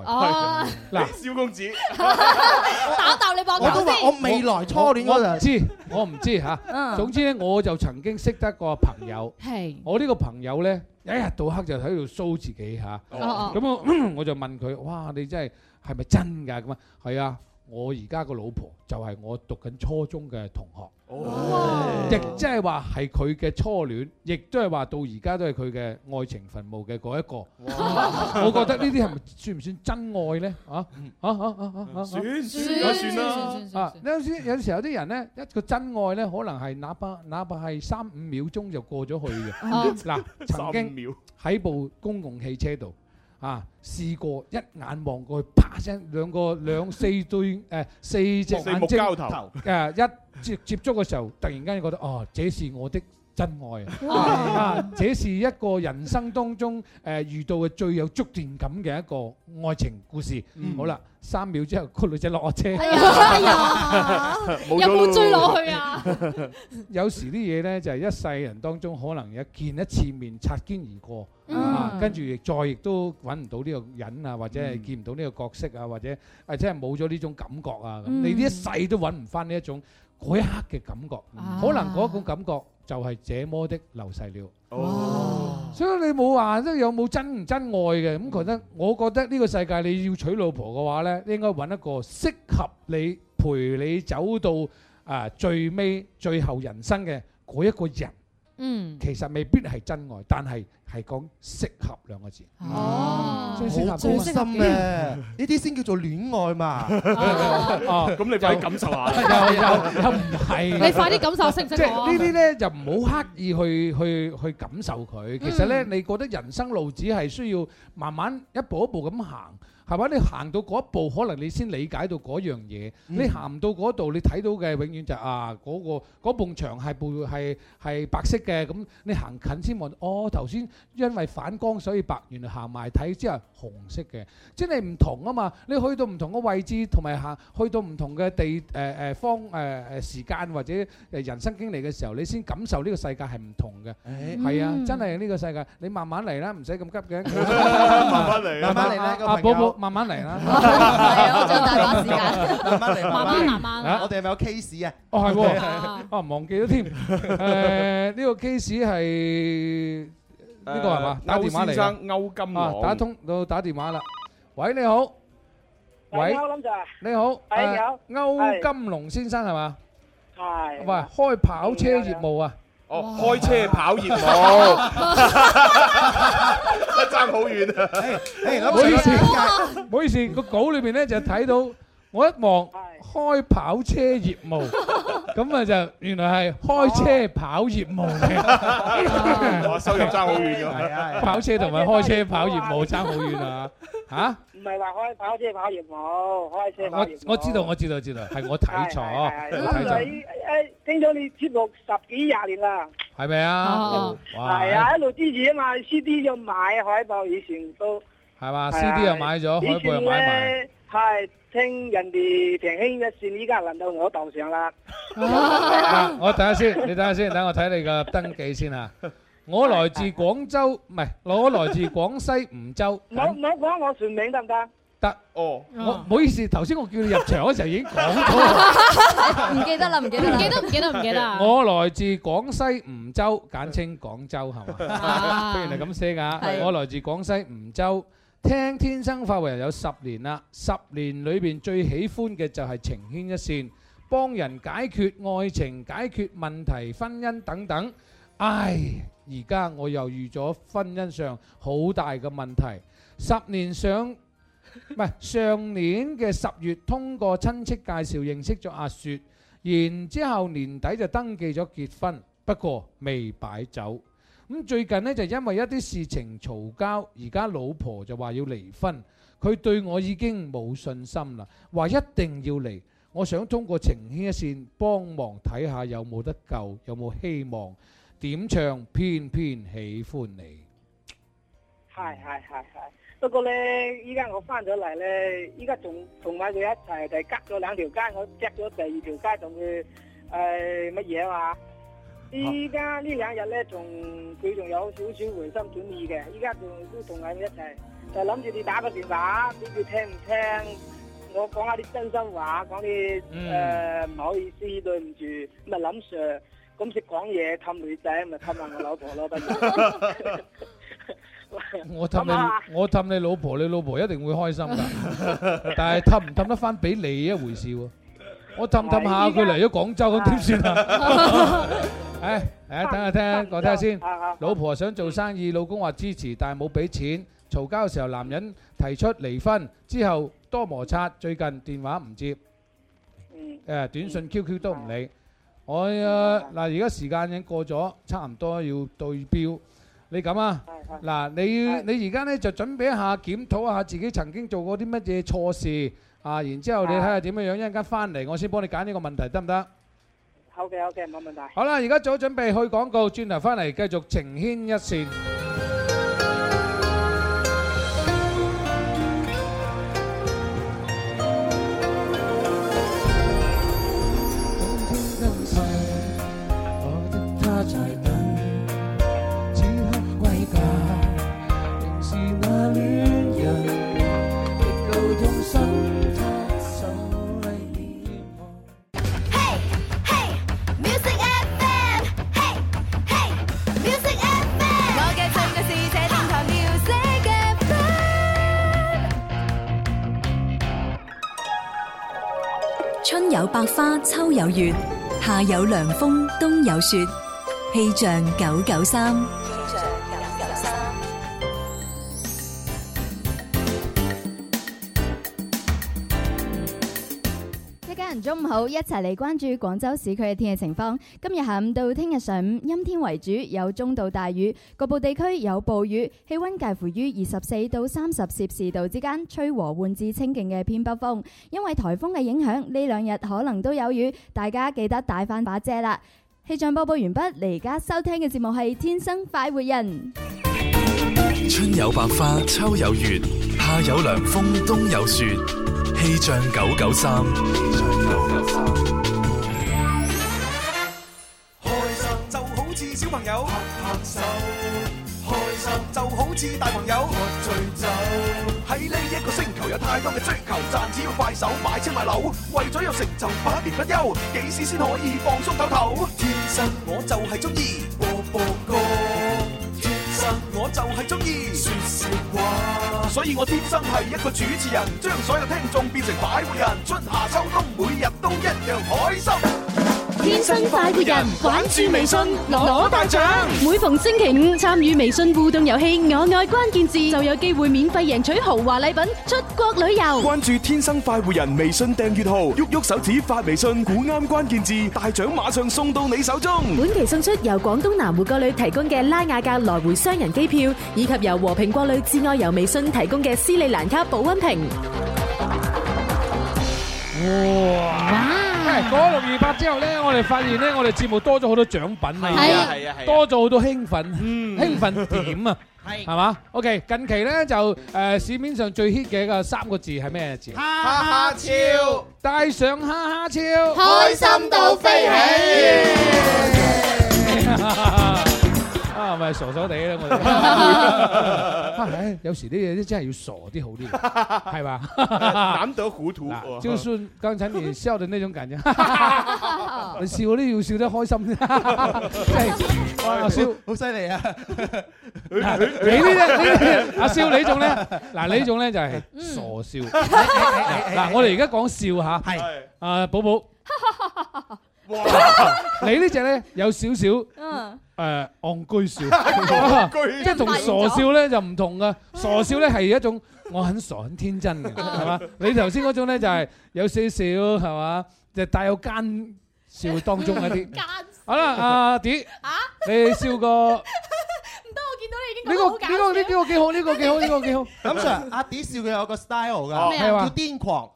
Speaker 6: 嗱，小
Speaker 4: 公子，打爆你個我話我未來初戀我就知，
Speaker 6: 我唔知嚇。總之咧，我就曾經識得個朋友。係，我呢個朋友咧。一日到黑就喺度 show 自己吓，咁，啊 oh。嗯，我咳咳我就問佢：，哇！你真係係咪真㗎？咁啊，係啊。我而家個老婆就係我讀緊初中嘅同學，亦即係話係佢嘅初戀，亦都係話到而家都係佢嘅愛情墳墓嘅嗰一個。我覺得呢啲係咪算唔算真愛咧？啊啊啊啊啊！算算啦，啊有時有時候有啲人咧，一個真愛咧，可能係哪怕哪怕係三五秒鐘就過咗去嘅。嗱，曾經喺部公共汽車度。啊！試過一眼望過去，啪聲，兩個兩四對誒、呃，四隻眼睛， 四目交頭誒、 啊、一接接觸嘅時候，突然間就覺得哦，這是我的。真愛啊！啊，這是一個人生當中誒遇到嘅最有觸電感嘅一個愛情故事。好啦，三秒之後個女仔落咗車，有冇追落去啊？有時啲嘢呢，就係一世人當中可能一見一次面，擦肩而過，跟住亦再亦都揾唔到呢個人啊，或者係見唔到呢個角色啊，或者誒真係冇咗呢種感覺啊！你呢一世都揾唔翻呢一種嗰一刻嘅感覺，可能嗰種感覺。就係這麼的流逝了。哦，所以你冇話即係有冇真唔真愛嘅咁覺得？我覺得呢個世界你要娶老婆嘅話咧，應該揾一個適合你陪你走到啊最尾最後人生嘅嗰一個人。嗯，其實未必係真愛，但係。係講適合兩個字，哦，合。好深咧，呢啲先叫做戀愛嘛。咁
Speaker 3: 你就喺感受下。又
Speaker 6: 又又唔係。你快啲感受識唔識我？即係呢啲咧就唔好刻意去去去感受佢。其實咧，你覺得人生路只係需要慢慢一步一步咁行。係嘛？你行到嗰一步，可能你先理解到嗰樣嘢。你行唔到嗰度，你睇到嘅永遠就啊嗰個嗰埲牆係部係係白色嘅。咁你行近先望，哦頭先因為反光所以白，原來行埋睇之後紅色嘅。即係唔同啊嘛！你去到唔同嘅位置，同埋行去到唔同嘅地誒誒方誒誒時間或者誒人生經歷嘅時候，你先感受呢個世界係唔同嘅。係啊，真係呢個世界，你慢慢嚟啦，唔使咁急嘅。慢慢嚟啦，慢慢嚟啦，阿寶寶。慢慢嚟啦，係啊，仲有大把時間。慢慢嚟，慢慢慢慢啊！我哋係咪有 case 啊？哦係喎，哦忘記咗添。誒呢個 case 係呢個係嘛？打電話嚟，歐先生歐金龍，打通到打電話啦。喂，你好，
Speaker 1: 喂，
Speaker 6: 你好，你好，歐金龍先生係嘛？係。喂，開跑車業務啊！哦，哇開車跑業務，爭好 遠啊！唔好意思，唔哇好意思， 個稿裏邊咧就睇到我一忙開跑車業務。 咁啊就原來係開車跑業務嘅，收入爭好遠㗎，跑車同埋開車跑業務爭好遠啊！嚇？唔係話開跑車跑
Speaker 5: 業務，開車跑業務。我我知道，我
Speaker 6: 知道，知道，係我睇錯。咁你聽咗你節目
Speaker 5: 十幾廿年
Speaker 6: 啦，係咪啊？哇！係啊，一
Speaker 5: 路支持啊嘛，CD 又買，
Speaker 6: 海報以前都係嘛？CD 又買咗，海報又買埋。
Speaker 5: 係聽人哋情牽一線，依家輪到我頭上
Speaker 6: 啦。我等下先，你等下先，等我睇你個登記先啊。我來自廣州，唔係，我來自廣西梧州。我我講我全名得唔得？得哦，我唔好意思，頭先我叫你入場嗰時候已經講咗，
Speaker 4: 唔記得啦，唔記得，唔記得，唔記得，唔記得。
Speaker 6: 我來自廣西梧州，簡稱廣州係嘛？雖然係咁寫噶，我來自廣西梧州。聽天生快活人有十年啦，十年裏邊最喜歡嘅就係情牽一線，幫人解決愛情、解決問題、婚姻等等。唉，而家我又遇咗婚姻上好大嘅問題。十年上，唔係，上年嘅十月通過親戚介紹認識咗阿雪，然之後年底就登記咗結婚，不過未擺酒。咁最近呢就因為一啲事情嘈交，而家老婆就話要離婚，佢對我已經冇信心啦，話一定要離。我想通過情牽一線幫忙睇下有冇得救，有冇希望？點唱偏偏喜歡你？
Speaker 5: 係係係係。不過呢，依家我翻咗嚟呢，依家仲同埋佢一齊，就隔咗兩條街，我趯咗第二條街度去，誒乜嘢啊？依家呢兩日咧，仲佢仲有少少回心轉意嘅，依家仲都同喺一齊，就諗住你打個電話俾佢聽唔聽，我講下啲真心話，講啲誒，唔好意思，對唔住，咪林 Sir，咁識講嘢氹女仔，咪氹下我老婆咯得嘅。我氹你，
Speaker 6: 我氹你老婆，你老婆一定會開心噶 但係氹唔氹得翻俾你一回事。我氹氹下佢嚟咗廣州咁點是算啊？誒誒，等下聽我聽下先。州老婆想做生意，嗯、老公話支持，但係冇俾錢。嘈交嘅時候，男人提出離婚之後多摩擦，最近電話唔接，誒短信 QQ 都唔理。我啊嗱，而家時間已經過咗，差唔多要對標。你咁啊？嗱，你你而家呢，就準備一下，檢討一下自己曾經做過啲乜嘢錯事。啊！然之後你睇下點樣，一陣間翻嚟我先幫你揀呢個問題得唔得？
Speaker 8: 好嘅，好
Speaker 6: 嘅，冇問題。好啦，而家早準備去廣告，轉頭翻嚟繼續情牽一線。
Speaker 1: 百花秋有月，夏有涼風，冬有雪，氣象九九三。中午好，一齊嚟關注廣州市區嘅天氣情況。今日下午到聽日上午陰天為主，有中到大雨，局部地區有暴雨。氣溫介乎於二十四到三十攝氏度之間，吹和緩至清勁嘅偏北風。因為台風嘅影響，呢兩日可能都有雨，大家記得帶翻把遮啦。氣象播報完畢，你而家收聽嘅節目係《天生快活人》。
Speaker 2: 春有百花，秋有月，夏有涼風，冬有雪。氣象九九三。
Speaker 7: 開心就好似小朋友拍拍手，開心就好似
Speaker 3: 大朋友喝醉酒。喺呢一個星球有太多嘅追求，賺錢要快手，買車買樓，為咗有成就，百年不休，幾時先可以放鬆透透？天生我就係中意播放歌。波波我就係中意説笑話，所以我天生係一個主持人，將所有聽眾變成快活人，春夏秋冬每日都一樣開心。天生快活人，玩住微信攞大獎。
Speaker 4: 每逢星期五，參與微信互動遊戲，我愛關鍵字，就有機會免費贏取豪華禮品、出國旅遊。關
Speaker 3: 注天生快活人微信訂閱號，喐喐手指發微信，估啱關鍵字，大獎馬上送到你手
Speaker 4: 中。本期送出由廣東南湖國旅提供嘅拉雅格來回雙人機票，以及由和平國旅至愛遊微信提供嘅斯里蘭卡保溫瓶。
Speaker 6: 哇！過六二八之後咧，我哋發現咧，我哋節目多咗好多獎品啊，係啊係啊係，啊多咗好多興奮，嗯，興奮點啊，係、 啊，係嘛？OK，近期咧就誒、呃、市面上最 hit 嘅一個三個字係咩字？哈哈超，帶上哈哈超，開心到飛起。 咪傻傻哋啦！我哋，唉，有時啲嘢真係要傻啲好啲，係嘛？難得糊塗。就算剛才你笑嘅那種感覺，你笑都要笑得開心先。
Speaker 7: 真係，阿笑好犀利啊！你呢？阿笑你呢種咧？嗱，你呢種咧就係
Speaker 6: 傻笑。嗱，我哋而家講笑吓，係啊，寶寶。哇 你呢隻咧有少少誒憨居笑、呃， 即係同傻笑咧就唔同嘅。傻笑咧係一種我很傻、很天真嘅，係嘛？ 你頭先嗰種咧就係有少少係嘛，就帶有奸笑當中嗰啲。奸 好啦，阿迪，啊，D，你笑過。
Speaker 4: 呢、這個呢、這個呢幾、這
Speaker 6: 個好呢、這個幾好呢
Speaker 7: 個幾好。咁、這個這個這個、Sir、 嗯、阿迪笑佢有個 style 㗎、啊哦，叫癲狂。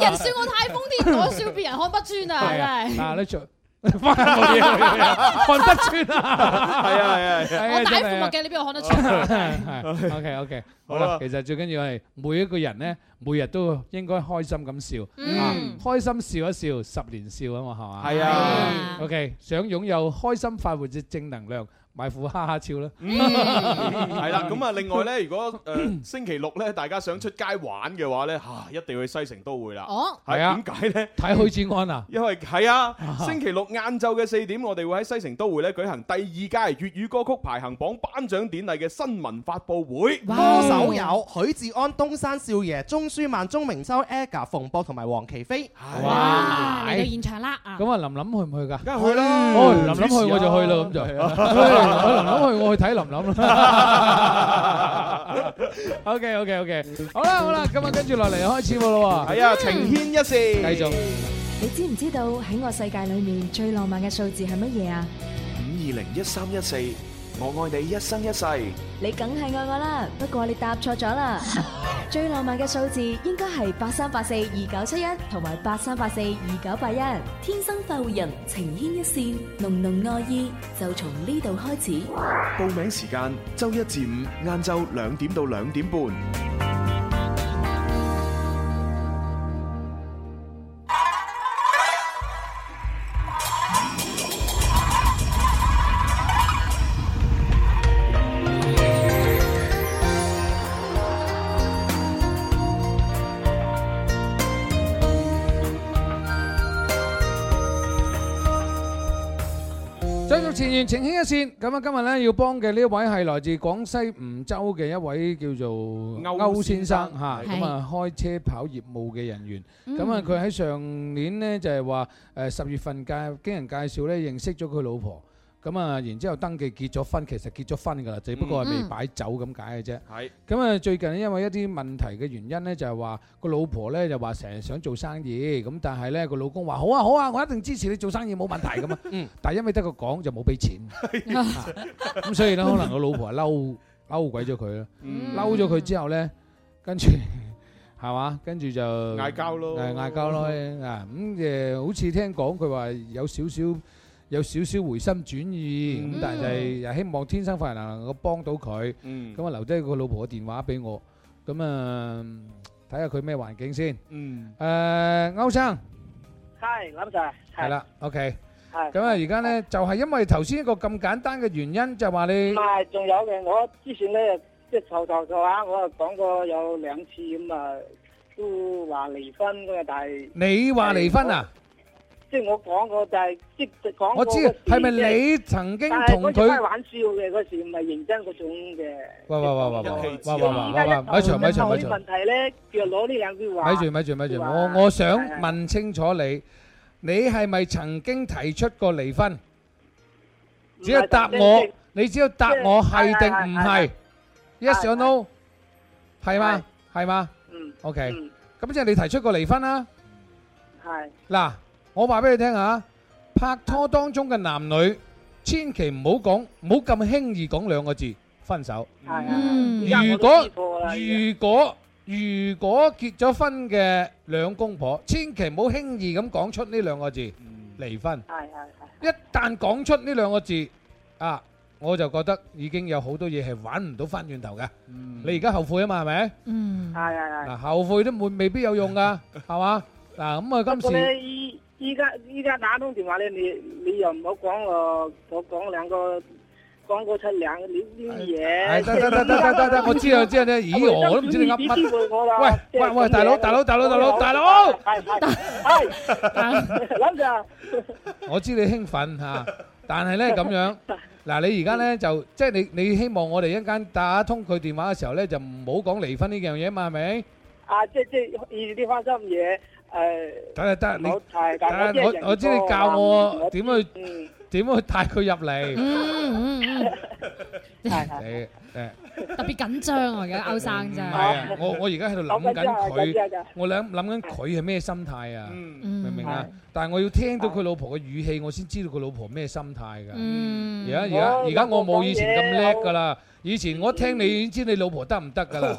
Speaker 4: 人笑我太瘋癲， 我笑別人看不穿啊！真係、啊。啊啊
Speaker 6: 啊 翻唔到嘢，看得穿啊！係啊係啊，我戴副墨鏡，你邊度看得穿係，OK OK，好啦，其實最緊要係每一個人咧，每日都應該開心咁笑，嗯嗯、開心笑一笑，十年少啊嘛，係嘛？係啊，OK，想擁有開心、快活嘅正能量。買褲哈哈笑啦，係啦，咁啊，另外咧，如
Speaker 3: 果誒星期六咧，大家想出街玩嘅話咧，吓一定要去西城都會啦。哦，係啊，點解咧？
Speaker 6: 睇許志安啊，因
Speaker 3: 為係啊，星期六晏晝嘅四點，我哋會喺西城都會咧舉行第二屆粵語歌曲排行榜頒獎典禮嘅新聞發布會。歌手有許
Speaker 7: 志安、東山少爺、鍾舒漫、鍾明洲、Aga、馮博同埋黃綺霏。哇，嚟到現
Speaker 6: 場啦啊！咁啊，林林去唔去噶？梗係去啦，林林去我就去啦，咁就係。我去林林去，我去睇林林啦。OK OK OK，好啦好啦，今日跟住落嚟開始咯。係啊、哎，情牽一線，繼續。
Speaker 1: 你知唔知道喺我世界裏面最浪漫嘅數字係乜嘢啊？
Speaker 6: 五二零一三一四。
Speaker 3: 我愛你一生一世，
Speaker 1: 你梗係愛我啦，不過你答錯咗啦。 最浪漫嘅數字應該係八三八四二九七一，同埋八三八四二九八一。天生快活人，情牽一線，濃濃愛意就從呢度開始。
Speaker 3: 報名時間週一至五晏晝兩點到兩點半。
Speaker 6: 再續前緣情牽一線，咁啊今日咧要幫嘅呢位係來自廣西梧州嘅一位叫做歐先生嚇，咁啊是是開車跑業務嘅人員，咁啊佢喺上年咧就係話誒十月份介經人介紹咧認識咗佢老婆。咁啊，然之後登記結咗婚，其實結咗婚噶啦，只不過係未擺酒咁解嘅啫。係咁啊，最近因為一啲問題嘅原因咧，就係話個老婆咧就話成日想做生意，咁但係咧個老公話好啊好啊，我一定支持你做生意冇問題咁啊。嗯，但係因為得個講就冇俾錢，咁所以咧可能個老婆嬲嬲鬼咗佢啦，嬲咗佢之後咧，跟住係嘛，跟住就嗌交咯，嗌交咯啊！咁誒，好似聽講佢話有少少。有少少回心轉意咁，但係就係又希望天生快活人能能夠幫到佢。咁我留低個老婆嘅電話俾我。咁啊，睇下佢咩環境先。嗯。誒，歐生。
Speaker 5: 係，諗住。係啦。OK。係。咁啊，
Speaker 6: 而家咧就係因為頭先一個咁簡單嘅原因，就話你。唔係，
Speaker 5: 仲有嘅。我之前咧，即係頭頭嘅話，我啊講過有兩次咁啊，都話離婚嘅，但
Speaker 6: 係。你話離婚啊？
Speaker 5: 即係我講過，就係即係講。我知係咪你曾經同佢？但
Speaker 6: 係嗰時玩笑嘅，嗰時唔係認真嗰種嘅。喂喂喂喂喂喂喂喂！依家一頭頭嘅問題咧，就攞
Speaker 5: 呢兩句話。咪住咪住咪住！我我想問
Speaker 6: 清楚你，你係咪曾經提出過離婚？
Speaker 5: 只要答我，
Speaker 6: 你只要答我係定唔係？一上到係嘛係嘛？
Speaker 5: 嗯
Speaker 6: ，OK。咁即係你提出過離婚啦。
Speaker 5: 係
Speaker 6: 嗱。我話俾你聽、哎、啊，拍拖當中嘅男女千，千祈唔好講，唔好咁輕易講兩個字分手。
Speaker 8: 係啊、嗯。如果如
Speaker 6: 果如果結咗婚嘅兩公婆，千祈唔好輕易咁講出呢兩個字離婚。係係係。哎、一旦講出呢兩個字啊，我就覺得已經有好多嘢係玩唔到翻轉頭嘅。你而家後悔啊嘛，係咪？嗯，
Speaker 5: 係係係。
Speaker 6: 後悔都未未必有用噶，係嘛？嗱咁啊，今次。
Speaker 5: 依家依家打通電話咧，你你又唔好講我。我講兩
Speaker 6: 個，講個出兩呢啲嘢。我知啊知啊，咧，咦我我都
Speaker 5: 唔知你噏乜。喂喂喂，大佬大佬大佬大佬大佬，係，係，諗住啊。
Speaker 6: 我知你興奮吓，但係咧咁樣，嗱你而家咧就，即係你你希望我哋一陣間打通佢電話嘅時候咧，就唔好講離婚呢樣嘢啊嘛，係咪？啊，即係
Speaker 5: 即係意啲翻心嘢。誒，等下得你，等下，我我知你教我點
Speaker 6: 去點去帶佢入嚟。誒，
Speaker 4: 特別緊張啊！而家歐生真係，唔係啊！我我而
Speaker 6: 家喺度諗緊佢，我諗諗緊佢係咩心態啊？
Speaker 4: 明唔明
Speaker 6: 啊？但係我要聽到佢老婆嘅語氣，我先知道佢老婆咩心態噶。
Speaker 8: 而家而家而家我冇以前咁叻
Speaker 6: 噶啦，以前我聽你已經知你老婆得唔得噶啦？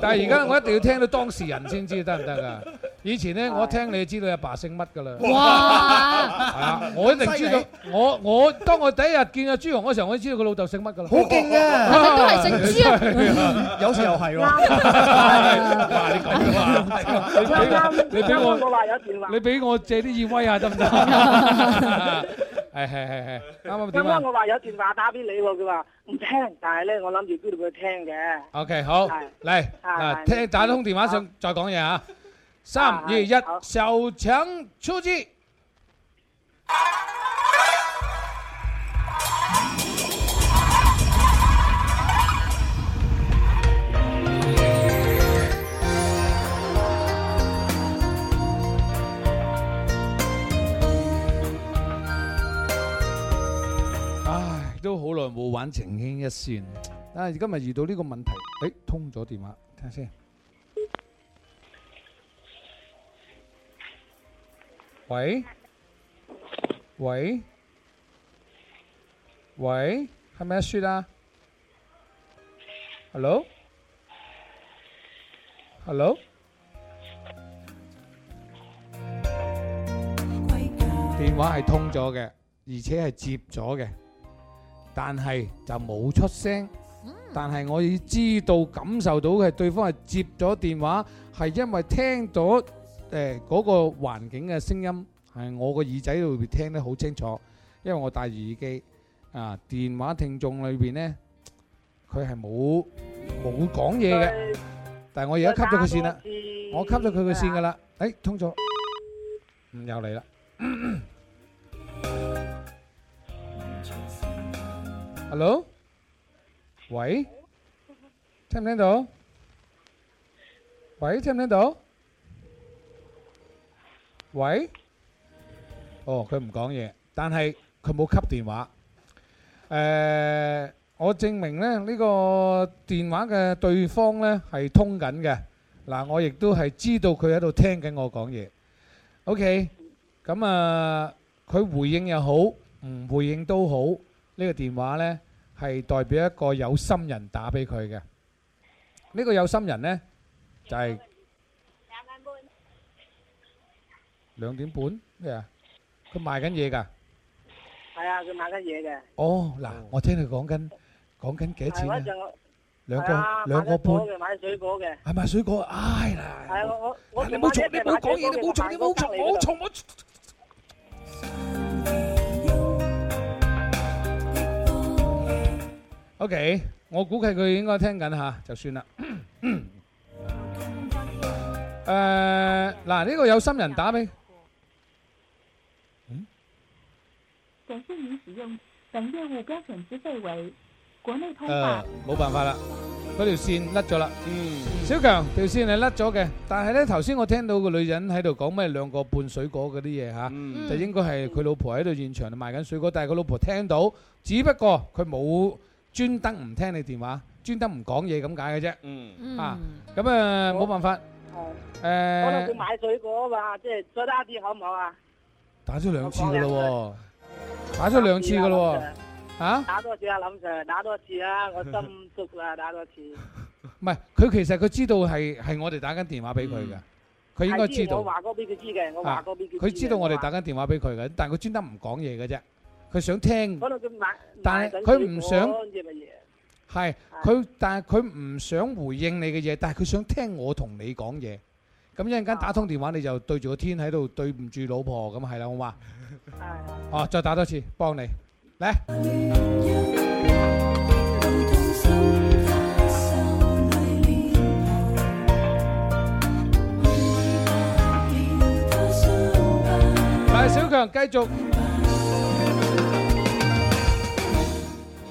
Speaker 6: 但係而家我一定要聽到當事人先知得唔得噶。以前咧我聽你就知道阿爸姓乜噶啦。係啊，我一定知道。我我當我第一日見阿朱紅嗰時候，我知道佢老豆姓乜噶啦。正啊，我哋都係正。有時又係喎。啱啱，你俾我話有電
Speaker 5: 話。
Speaker 6: 你俾我借啲義威下得唔得？係係係係。啱啊。啱啱我話有電話打俾你喎，佢
Speaker 5: 話唔聽，但係咧我諗住叫
Speaker 6: 佢聽嘅。OK，好，嚟，啊，聽打通電話上再講嘢嚇。三二一，受請出資。都好耐冇玩情牽一線，啊！而今日遇到呢個問題，誒，通咗電話，聽下先。喂？喂？喂？係咪阿雪啊？Hello？Hello？電話係通咗嘅，而且係接咗嘅。但係就冇出聲，但係我已知道感受到嘅對方係接咗電話，係因為聽到誒嗰個環境嘅聲音係我個耳仔裏邊聽得好清楚，因為我戴住耳機啊，電話聽眾裏邊呢，佢係冇冇講嘢嘅，但係我而家 cut 咗佢線啦，我 cut 咗佢嘅線噶啦，誒，通咗，唔又嚟啦。Hello，喂，聽唔聽到？喂，聽唔聽到？喂，哦，佢唔講嘢，但係佢冇吸電話。誒，我證明咧呢個電話嘅對方咧係通緊嘅。嗱，我亦都係知道佢喺度聽緊我講嘢。OK，咁啊，佢回應又好，唔回應都好。呢個電話咧係代表一個有心人打俾佢嘅。呢個有心人咧就係兩點半。兩點半咩啊？佢賣緊嘢㗎。係啊，
Speaker 5: 佢賣緊嘢嘅。
Speaker 6: 哦，嗱，我聽佢講緊講緊幾多錢啊？兩個兩個半。
Speaker 5: 係賣水果嘅。係賣水果，唉嗱。係我我我冇做，你冇講嘢，你冇做，你冇做，冇做，冇做。
Speaker 6: O.K.，我估計佢應該聽緊吓，就算啦。誒，嗱，呢個有心人打俾，嗯，感謝您使
Speaker 5: 用本業務標準資費為國內通
Speaker 6: 話。誒，冇辦法啦，嗰條線甩咗啦。嗯，小強條線係甩咗嘅，但係咧頭先我聽到個女人喺度講咩兩個半水果嗰啲嘢吓，就應該係佢老婆喺度現場賣緊水果，但係佢老婆聽到，只不過佢冇。專登唔聽你電話，專登唔講嘢咁解嘅啫。嗯，啊，咁啊，冇辦法。哦，誒，我哋要
Speaker 5: 買水果啊嘛，即係再打一次，好唔好啊？
Speaker 6: 打咗兩次咯，打咗兩次噶咯，吓？
Speaker 5: 打多次啊，林 Sir，打多次啊，我心熟啦，打多次。
Speaker 6: 唔係，佢其實佢知道係係我哋打緊電話俾佢嘅，佢應該知道。我話
Speaker 5: 過俾佢知嘅，我話過俾佢知。佢知道我哋打緊
Speaker 6: 電話俾佢嘅，但係佢專登唔講嘢嘅啫。佢想聽，
Speaker 5: 但係佢唔想，
Speaker 6: 係佢，但係佢唔想回應你嘅嘢，但係佢想聽我同你講嘢。咁一陣間打通電話，你就對住個天喺度對唔住老婆咁係啦。好嘛？我話，哦，再打多次幫你，嚟。但係小強繼續。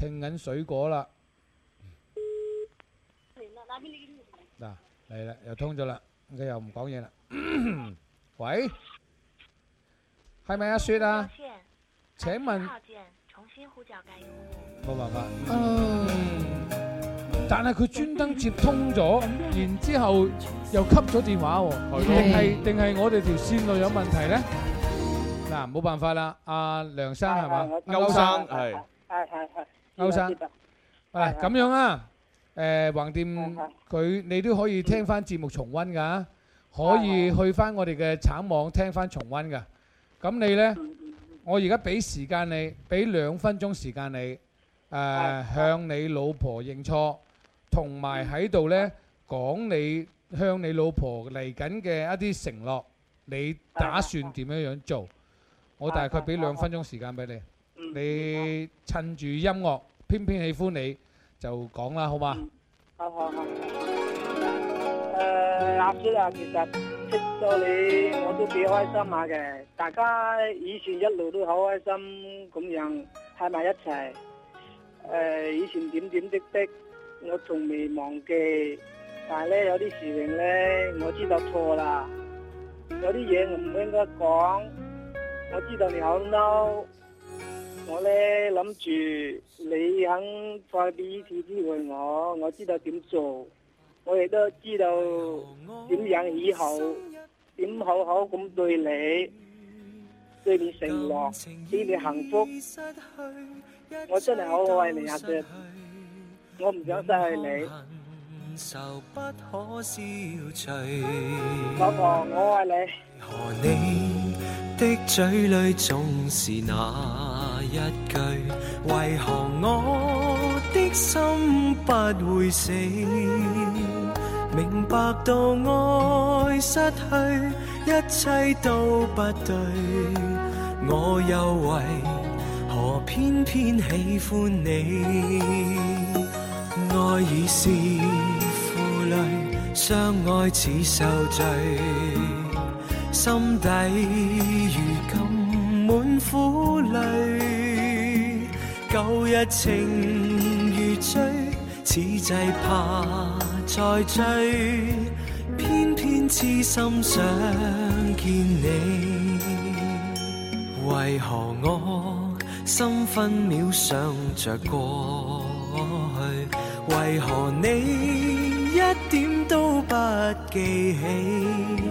Speaker 6: 聽緊水果啦，嗱，嚟啦，又通咗啦，佢又唔講嘢啦。喂，係咪阿雪啊？請問，
Speaker 5: 冇辦法。嗯，
Speaker 6: 但係佢專登接通咗，然之後又 cut 咗電話，定係定係我哋條線路有問題咧？嗱，冇辦法啦，阿梁生係嘛？歐生係，係
Speaker 8: 係係。
Speaker 6: 歐生，啊咁樣啊，誒橫掂佢你都可以聽翻節目重溫噶，可以去翻我哋嘅產網聽翻重溫噶。咁你呢，我而家俾時間你，俾兩分鐘時間你，誒向你老婆認錯，同埋喺度呢講你向你老婆嚟緊嘅一啲承諾，你打算點樣樣做？我大概俾兩分鐘時間俾你，你趁住音樂。偏偏喜歡你就講啦，好嘛？
Speaker 5: 好好好。誒阿叔啊，其實識到你我都幾開心下嘅。大家以前一路都好開心咁樣喺埋一齊。誒以前點點滴滴我仲未忘記，但係咧有啲事情咧我知道錯啦。有啲嘢我唔應該講，我知道你好嬲。我咧諗住你肯再俾次機會我，我知道點做，我亦都知道點樣以後點好好咁對你，對你承諾，俾你幸福，
Speaker 2: 我真係好好愛你阿姐，我唔想失去恨恨不你，
Speaker 5: 老婆我愛
Speaker 2: 你。的嘴裡總是那一句，為何我的心不會死？明白到愛失去，一切都不對，我又為何偏偏喜歡你？愛已是負累，相愛似受罪。心底如今滿苦淚，舊日情如醉，此際怕再追，偏偏痴心想見你，為何我心分秒想着過去？為何你一點都不記起？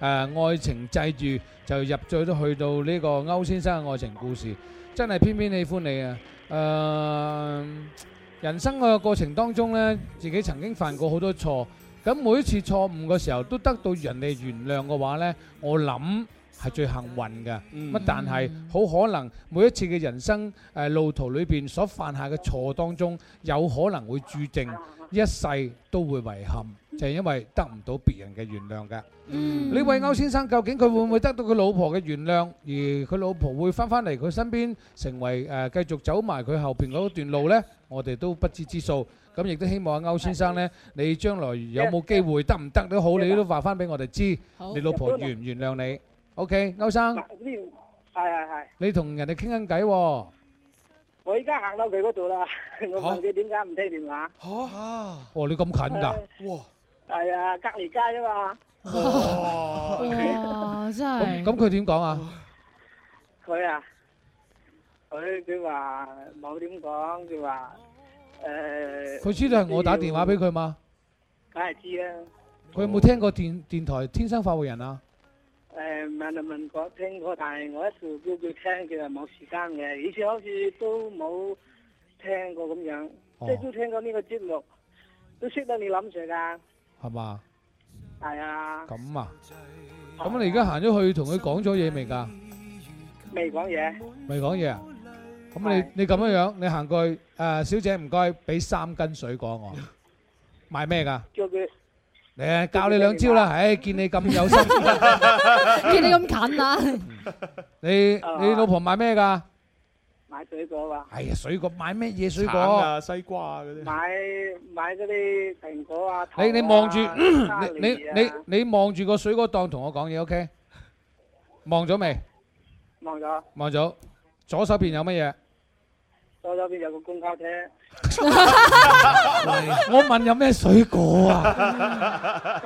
Speaker 6: 誒、呃、愛情制住就入咗去到呢個歐先生嘅愛情故事，真係偏偏喜歡你啊！誒、呃、人生嘅過程當中呢，自己曾經犯過好多錯，咁每一次錯誤嘅時候都得到人哋原諒嘅話呢，我諗係最幸運嘅，乜但係好可能每一次嘅人生誒路途裏邊所犯下嘅錯當中，有可能會註定一世都會遺憾，就係因為得唔到別人嘅原諒噶。
Speaker 8: 嗯，呢位
Speaker 6: 歐先生究竟佢會唔會得到佢老婆嘅原諒，而佢老婆會返返嚟佢身邊，成為誒繼續走埋佢後邊嗰段路呢？我哋都不知之數。咁亦都希望阿歐先生呢，你將來有冇機會得唔得都好，你都話翻俾我哋知，你老婆原唔原諒你？O K，歐生，
Speaker 5: 呢係係係，
Speaker 6: 你同人哋傾緊偈喎。
Speaker 5: 我依家行到佢嗰度啦，我問佢點解唔聽電話。吓，
Speaker 6: 哇你咁近噶？
Speaker 5: 哇，係啊，隔籬街啫嘛。哇，哦真係。咁佢點講啊？佢啊，佢佢話冇點講，佢話誒。佢知道係我打電話俾佢嘛？梗係知啊。
Speaker 6: 佢有冇聽過電電台天生發匯人啊？
Speaker 5: 誒，問嚟問過聽過，但係我一早叫佢聽，佢又冇時間嘅。以前好似都冇聽過咁樣，即係都聽過呢個節目，都識得你諗住噶。係嘛？係啊。
Speaker 6: 咁啊？咁啊？你而家行咗去同佢講咗嘢未噶？
Speaker 5: 未講嘢。
Speaker 6: 未講嘢啊？咁你你咁樣樣，你行過去誒，小姐唔該，俾三斤水果我。買咩噶？叫佢。誒，教你兩招啦！誒，見你咁有心，
Speaker 4: 見你咁近啊！
Speaker 6: 你你老婆買咩噶？買
Speaker 5: 水果啊！哎
Speaker 6: 呀，水果買咩嘢水果？橙啊，西瓜啊嗰啲。買
Speaker 5: 買嗰啲蘋果啊，桃啊，沙梨啊。你你望住你你
Speaker 6: 你望住個水果檔同我講嘢，OK？望咗未？望咗。望咗。左手邊有乜嘢？
Speaker 5: 左手邊有個公交車。
Speaker 6: 我問有咩水果啊？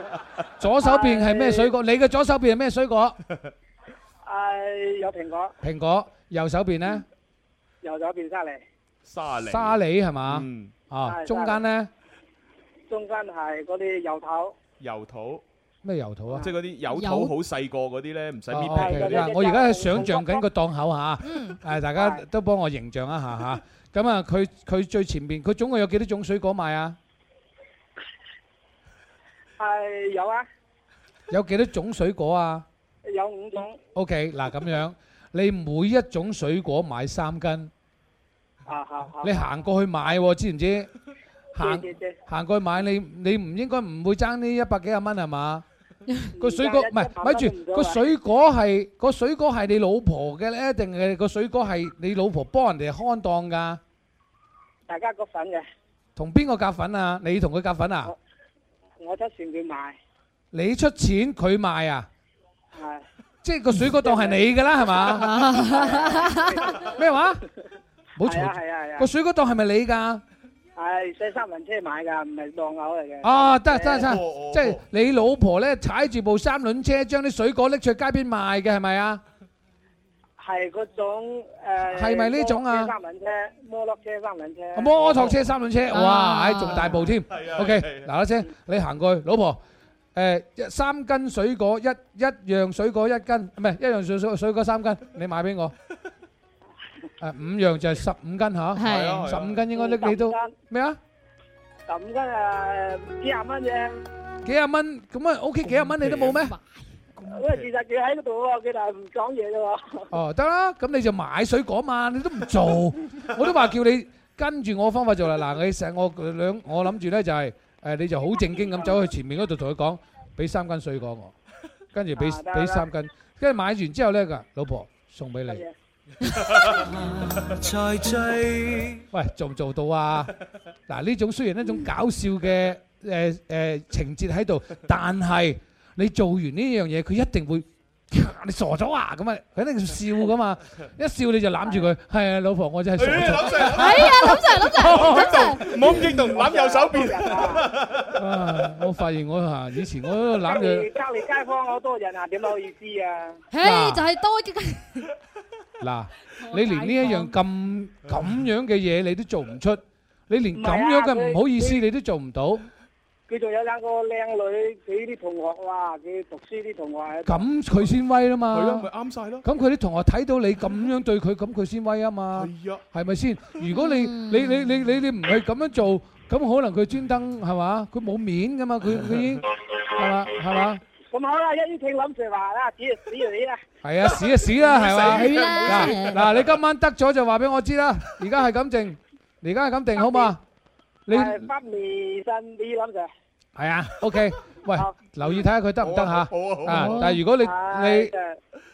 Speaker 6: 左手邊係咩水果？你嘅左手邊係咩水果？
Speaker 5: 誒，有蘋果。
Speaker 6: 蘋果，右手邊咧？
Speaker 5: 右手邊沙梨。
Speaker 3: 沙梨。沙
Speaker 6: 梨係嘛？啊，中間咧？
Speaker 5: 中間係嗰啲油桃。油
Speaker 3: 桃？
Speaker 6: 咩油桃啊？即係
Speaker 3: 嗰啲油桃好細個嗰啲咧，唔使搣皮嘅。我而家想象
Speaker 6: 緊個檔口吓，誒，大家都幫我形象一下吓。咁啊，佢佢最前面，佢總共有幾多種水果賣啊？
Speaker 5: 係有啊，
Speaker 6: 有幾多種水果啊？
Speaker 5: 有五種。
Speaker 6: OK，嗱咁樣，你每一種水果買三斤。
Speaker 5: 啊啊啊！你行
Speaker 6: 過去買，知唔知？行行過去買，你你唔應該唔會爭呢一百幾十蚊係嘛？個水果唔係，咪住，個水果係，個水果係你老婆嘅咧，定係個水果係你老婆幫人哋看檔噶
Speaker 5: 大家個份嘅。
Speaker 6: 同邊個夾份啊？你同佢夾份啊？
Speaker 5: 我出錢佢賣。
Speaker 6: 你出錢佢賣啊？係。即係個水果檔係你噶啦，係嘛？咩話？冇錯。個水果檔係咪你噶
Speaker 5: 係，使三輪車買噶，唔係檔口嚟嘅。哦，得得
Speaker 6: 得，即係你老婆咧踩住部三輪車，將啲水果拎出街邊賣嘅，係咪啊？
Speaker 5: 係嗰種誒，係咪呢種啊？三輪車、摩托車、三輪車、摩托車、三輪車，哇，仲大部
Speaker 6: 添。OK，嗱嗱聲，你行過去，老婆，誒，三斤水果，一一樣水果一斤，唔係一樣水水水果三斤，你買俾我。誒，五樣就係十五斤吓，係啊，十五斤應該拎你都
Speaker 5: 咩啊？十五斤誒，幾廿
Speaker 6: 蚊啫？幾廿蚊咁啊？OK，幾廿蚊你都冇咩？
Speaker 5: 咁啊，其實佢喺嗰度喎，佢就唔
Speaker 6: 講嘢咯。哦，得啦，咁你就買水果嘛，你都唔做，我都話叫你跟住我方法做啦。嗱，你成我兩，我諗住咧就係誒，你就好正經咁走去前面嗰度同佢講，俾三斤水果我，跟住俾俾三斤，跟住買完之後咧，噶老婆送俾你。再追，喂，做唔做到啊？嗱，呢種雖然一種搞笑嘅誒誒情節喺度，但係你做完呢樣嘢，佢一定會你傻咗啊？咁啊，肯定笑噶嘛！一笑你就攬住佢，係啊，老婆，我真係傻咗。哎呀，攬住，攬住，攬住，唔好咁激動，攬右手邊。啊，我發現我吓以前，我都攬住隔
Speaker 5: 籬街坊好多人啊，點好意思啊？嘿，就係多啲。
Speaker 6: 嗱，你連呢一樣咁咁樣嘅嘢你都做唔出，你連咁樣嘅唔好意思你都做唔到。
Speaker 5: 佢仲有兩個靚女，佢啲同學哇，佢讀書啲同學。
Speaker 6: 咁佢先威啊嘛。係啊，咪啱曬咯。咁佢啲同學睇到你咁樣對佢，咁佢先威啊嘛。係啊。係咪先？如果你你你你你你唔去咁樣做，咁可能佢專登係嘛？佢冇面噶嘛？佢佢已經係啦，係啦。
Speaker 5: 咁好
Speaker 6: 啦，一於聽諗住話啦，屎就屎就屎啦。係啊，屎就屎啦，係咪？係啦。嗱，嗱，你今晚得咗就話俾我知啦。而家係咁定，而家係咁定，好嘛？你發
Speaker 5: 微信俾諗住。
Speaker 6: 係啊，OK。喂，留意睇下佢得唔得吓？好啊好啊。但係如果你你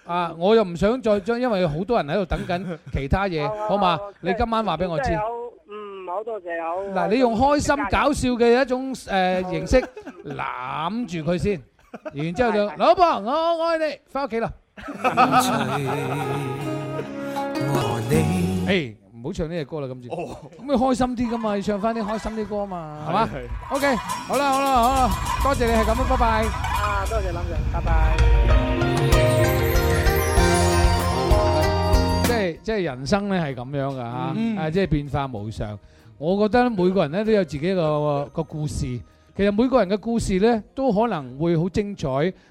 Speaker 6: 啊，我又唔想再將，因為好多人喺度等緊其他嘢，好嘛？你今晚話俾我知。即係
Speaker 5: 有，嗯，好多謝好。嗱，你用開心搞笑
Speaker 6: 嘅一種誒形式攬住佢先。然之後就老婆，我愛你，翻屋企啦。我愛你，哎，唔好唱呢隻歌啦，今次。咁你開心啲噶嘛，要唱翻啲開心啲歌嘛？係嘛？OK，好啦好啦好啦，多謝你係咁，拜拜。啊，多謝諗住，拜拜。即係即係人生咧係咁樣噶吓，啊即係變化無常。我覺得每個人咧都有自己個個故事。其實每個人嘅故事咧，都可能會好精彩、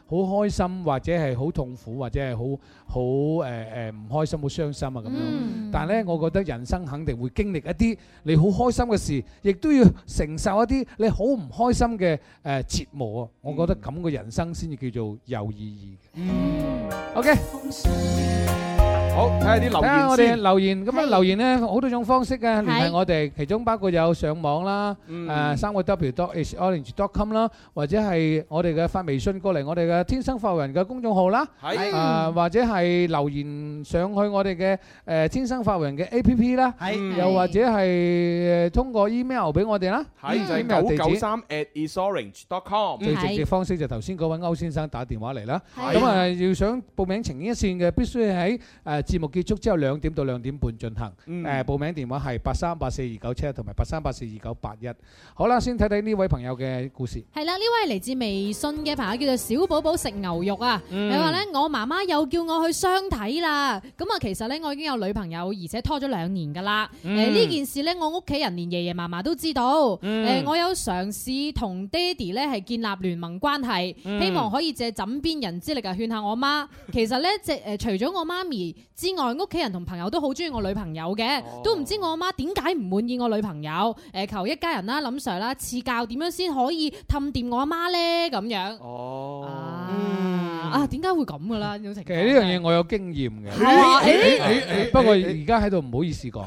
Speaker 6: 好開心，或者係好痛苦，或者係好好誒誒唔開心、好傷心啊咁樣。嗯、但係呢我覺得人生肯定會經歷一啲你好開心嘅事，亦都要承受一啲你好唔開心嘅誒折磨啊！我覺得咁嘅人生先至叫做有意義。嗯，OK。好睇下啲留言先。睇下我哋留言，咁啊留言咧好多種方式嘅，聯繫我哋，其中包括有上網啦，誒，三個 w dot is orange dot com 啦，或者係我哋嘅發微信過嚟，我哋嘅天生快活人嘅公眾號啦，係，啊或者係留言上去我哋嘅誒天生快活人嘅 A P P 啦，係，又或者係通過 email 俾我哋啦，係，就係九九三
Speaker 3: at isorange dot com 最直接方
Speaker 6: 式，就頭先嗰位歐先生打電話嚟啦，係，咁啊要想報名情牽一線嘅，必須喺誒。節目結束之後兩點到兩點半進行，誒、嗯呃、報名電話係八三八四二九七同埋八三八四二九八一。好啦，先睇睇呢位朋友嘅故事。
Speaker 4: 係啦，呢位嚟自微信嘅朋友叫做小寶寶食牛肉啊。佢話、嗯、呢，我媽媽又叫我去相睇啦。咁啊，其實呢，我已經有女朋友，而且拖咗兩年㗎啦。誒呢、嗯呃、件事呢，我屋企人連爺爺嫲嫲都知道。誒、嗯呃，我有嘗試同爹哋呢係建立聯盟關係，嗯、希望可以借枕邊人之力啊勸下我媽。其實呢，即、呃、係除咗我媽咪 之外，屋企人同朋友都好中意我女朋友嘅，都唔知我阿媽點解唔滿意我女朋友。誒，求一家人啦，林 sir 啦，賜教點樣先可以氹掂我阿媽咧？咁樣哦啊啊！點解會咁噶啦？呢其
Speaker 6: 實呢樣嘢我有經驗嘅。不過而家喺度唔好意思講，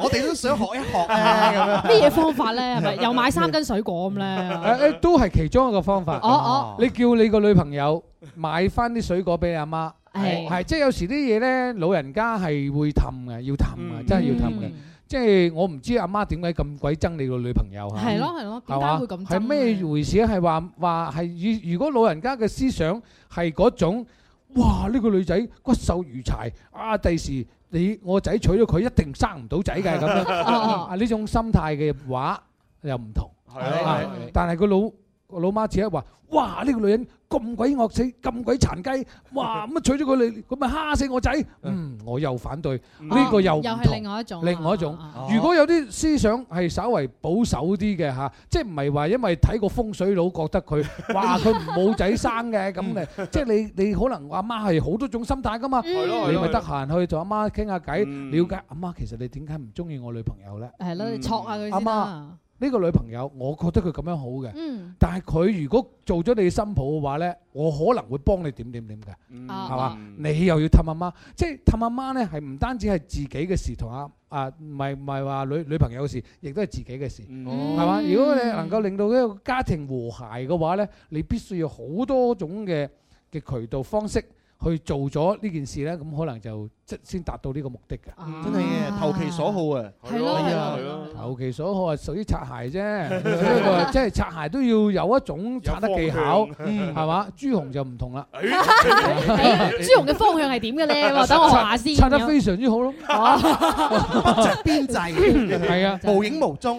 Speaker 6: 我哋
Speaker 4: 都想學一學啊！咁咩嘢方法咧？係咪又買三斤水果咁咧？誒誒，都
Speaker 6: 係其中一個方法。哦哦，你叫你個女朋友買翻啲水果俾你阿媽。係，係是、嗯、即係有時啲嘢咧，老人家係會氹嘅，要氹嘅，真係要氹嘅。即係、嗯、我唔知阿媽點解咁鬼憎你個女朋友嚇。係咯係咯，點解、哦哦、會咁憎？係咩回事？係話話係如如果老人家嘅思想係嗰種，哇呢、呢個女仔骨瘦如柴啊，第時你我仔娶咗佢一定生唔到仔嘅咁樣。啊呢 種心態嘅話又唔同。係、 啊、但係個老個老媽只係話，哇呢、呢個女人。咁鬼惡死，咁鬼殘雞，哇！咁啊娶咗佢嚟，你咁咪蝦死我仔。嗯，我又反對呢個又，又係另外一種。另外一種，如果有啲思想係稍為保守啲嘅吓，即係唔係話因為睇個風水佬覺得佢話佢冇仔生嘅咁嚟，即係你你可能阿媽係好多種心態噶嘛。你咪得閒去同阿媽傾下偈，瞭解阿媽其實你點解唔中意我女朋友咧？係咯，你戳下佢先啦。呢個女朋友，我覺得佢咁樣好嘅。嗯。但係佢如果做咗你新抱嘅話呢，我可能會幫你點點點嘅。嗯。係嘛？你又要氹阿媽，即係氹阿媽呢，係唔單止係自己嘅事、啊，同阿阿唔係唔係話女女朋友嘅事，亦都係自己嘅事。哦。係嘛？如果你能夠令到一個家庭和諧嘅話呢，你必須要好多種嘅嘅渠道方式去做咗呢件事呢，咁可能就。即先達到呢個目的㗎，真係投其所好啊！係咯，投其所好啊，屬於擦鞋啫。即係擦鞋都要有一種擦得技巧，係嘛？朱紅就唔同啦。朱紅
Speaker 4: 嘅方向係點嘅咧？等我查下先。擦得非
Speaker 6: 常之好咯。
Speaker 4: 邊際
Speaker 7: 係啊，無影無蹤。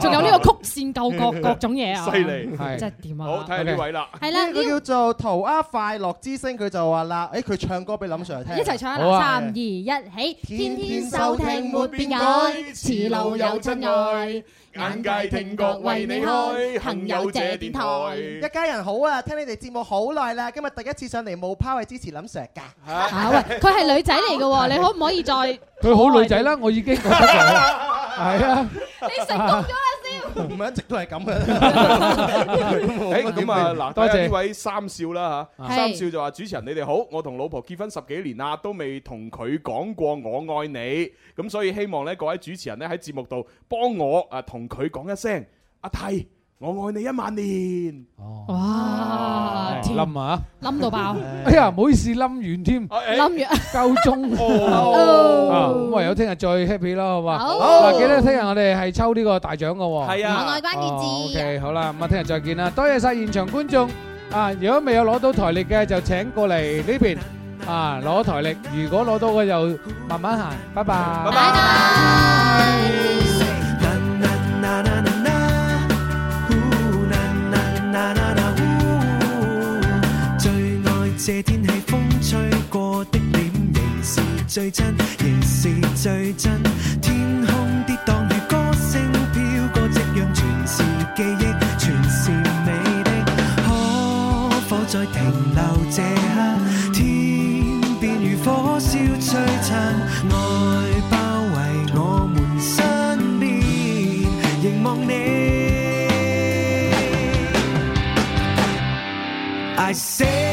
Speaker 7: 仲有呢個
Speaker 4: 曲線救國各種嘢啊！犀利，即係
Speaker 8: 點啊？好，睇下呢
Speaker 7: 位啦。係啦，佢叫做陶阿快樂之星，佢就話啦，誒，佢唱歌俾林 sir 嚟聽。一齊唱一沙。而
Speaker 4: 一起天天收聽沒變改，
Speaker 7: 遲老有真愛，
Speaker 2: 眼界聽覺
Speaker 7: 為你開，朋友借電
Speaker 8: 台。
Speaker 7: 一家人好啊，聽你哋節目好耐啦，今日第一次上嚟冇拋去支持林 Sir 㗎。吓
Speaker 4: 喂，佢係女仔嚟㗎，你可唔可以再？
Speaker 6: 佢好女仔啦，我已經覺得係啊。你成功咗。唔係一直都係咁嘅。
Speaker 3: 喺咁啊，嗱，多謝呢位三少啦嚇。三少就話，主持人你哋好，我同老婆結婚十幾年啦，都未同佢講過我愛你。咁所以希望呢，各位主持人呢喺節目度幫我啊，同佢講一聲阿太。我愛你一萬年。
Speaker 8: 哇，
Speaker 4: 冧
Speaker 6: 啊，
Speaker 3: 冧到
Speaker 4: 爆！哎
Speaker 6: 呀，唔好意思，冧完添，
Speaker 4: 冧完夠鐘，
Speaker 6: 唯有聽日再 happy 啦，好嘛？好，記得聽日我哋係抽呢個大獎噶。係啊，我愛關鍵字。OK，好啦，咁啊，聽日再見啦，多謝晒現場觀眾。啊，如果未有攞到台曆嘅，就請過嚟呢邊啊，攞台曆。如果攞到嘅，就慢慢行。拜拜，
Speaker 8: 拜
Speaker 6: 拜。
Speaker 2: 這天氣風吹過的臉，仍是最真，仍是最真。天空跌宕如歌聲飄過，夕陽全是記憶，全是美的。可否再停留這刻，天邊如火燒璀璨，愛包圍我們身邊，凝望你。I say。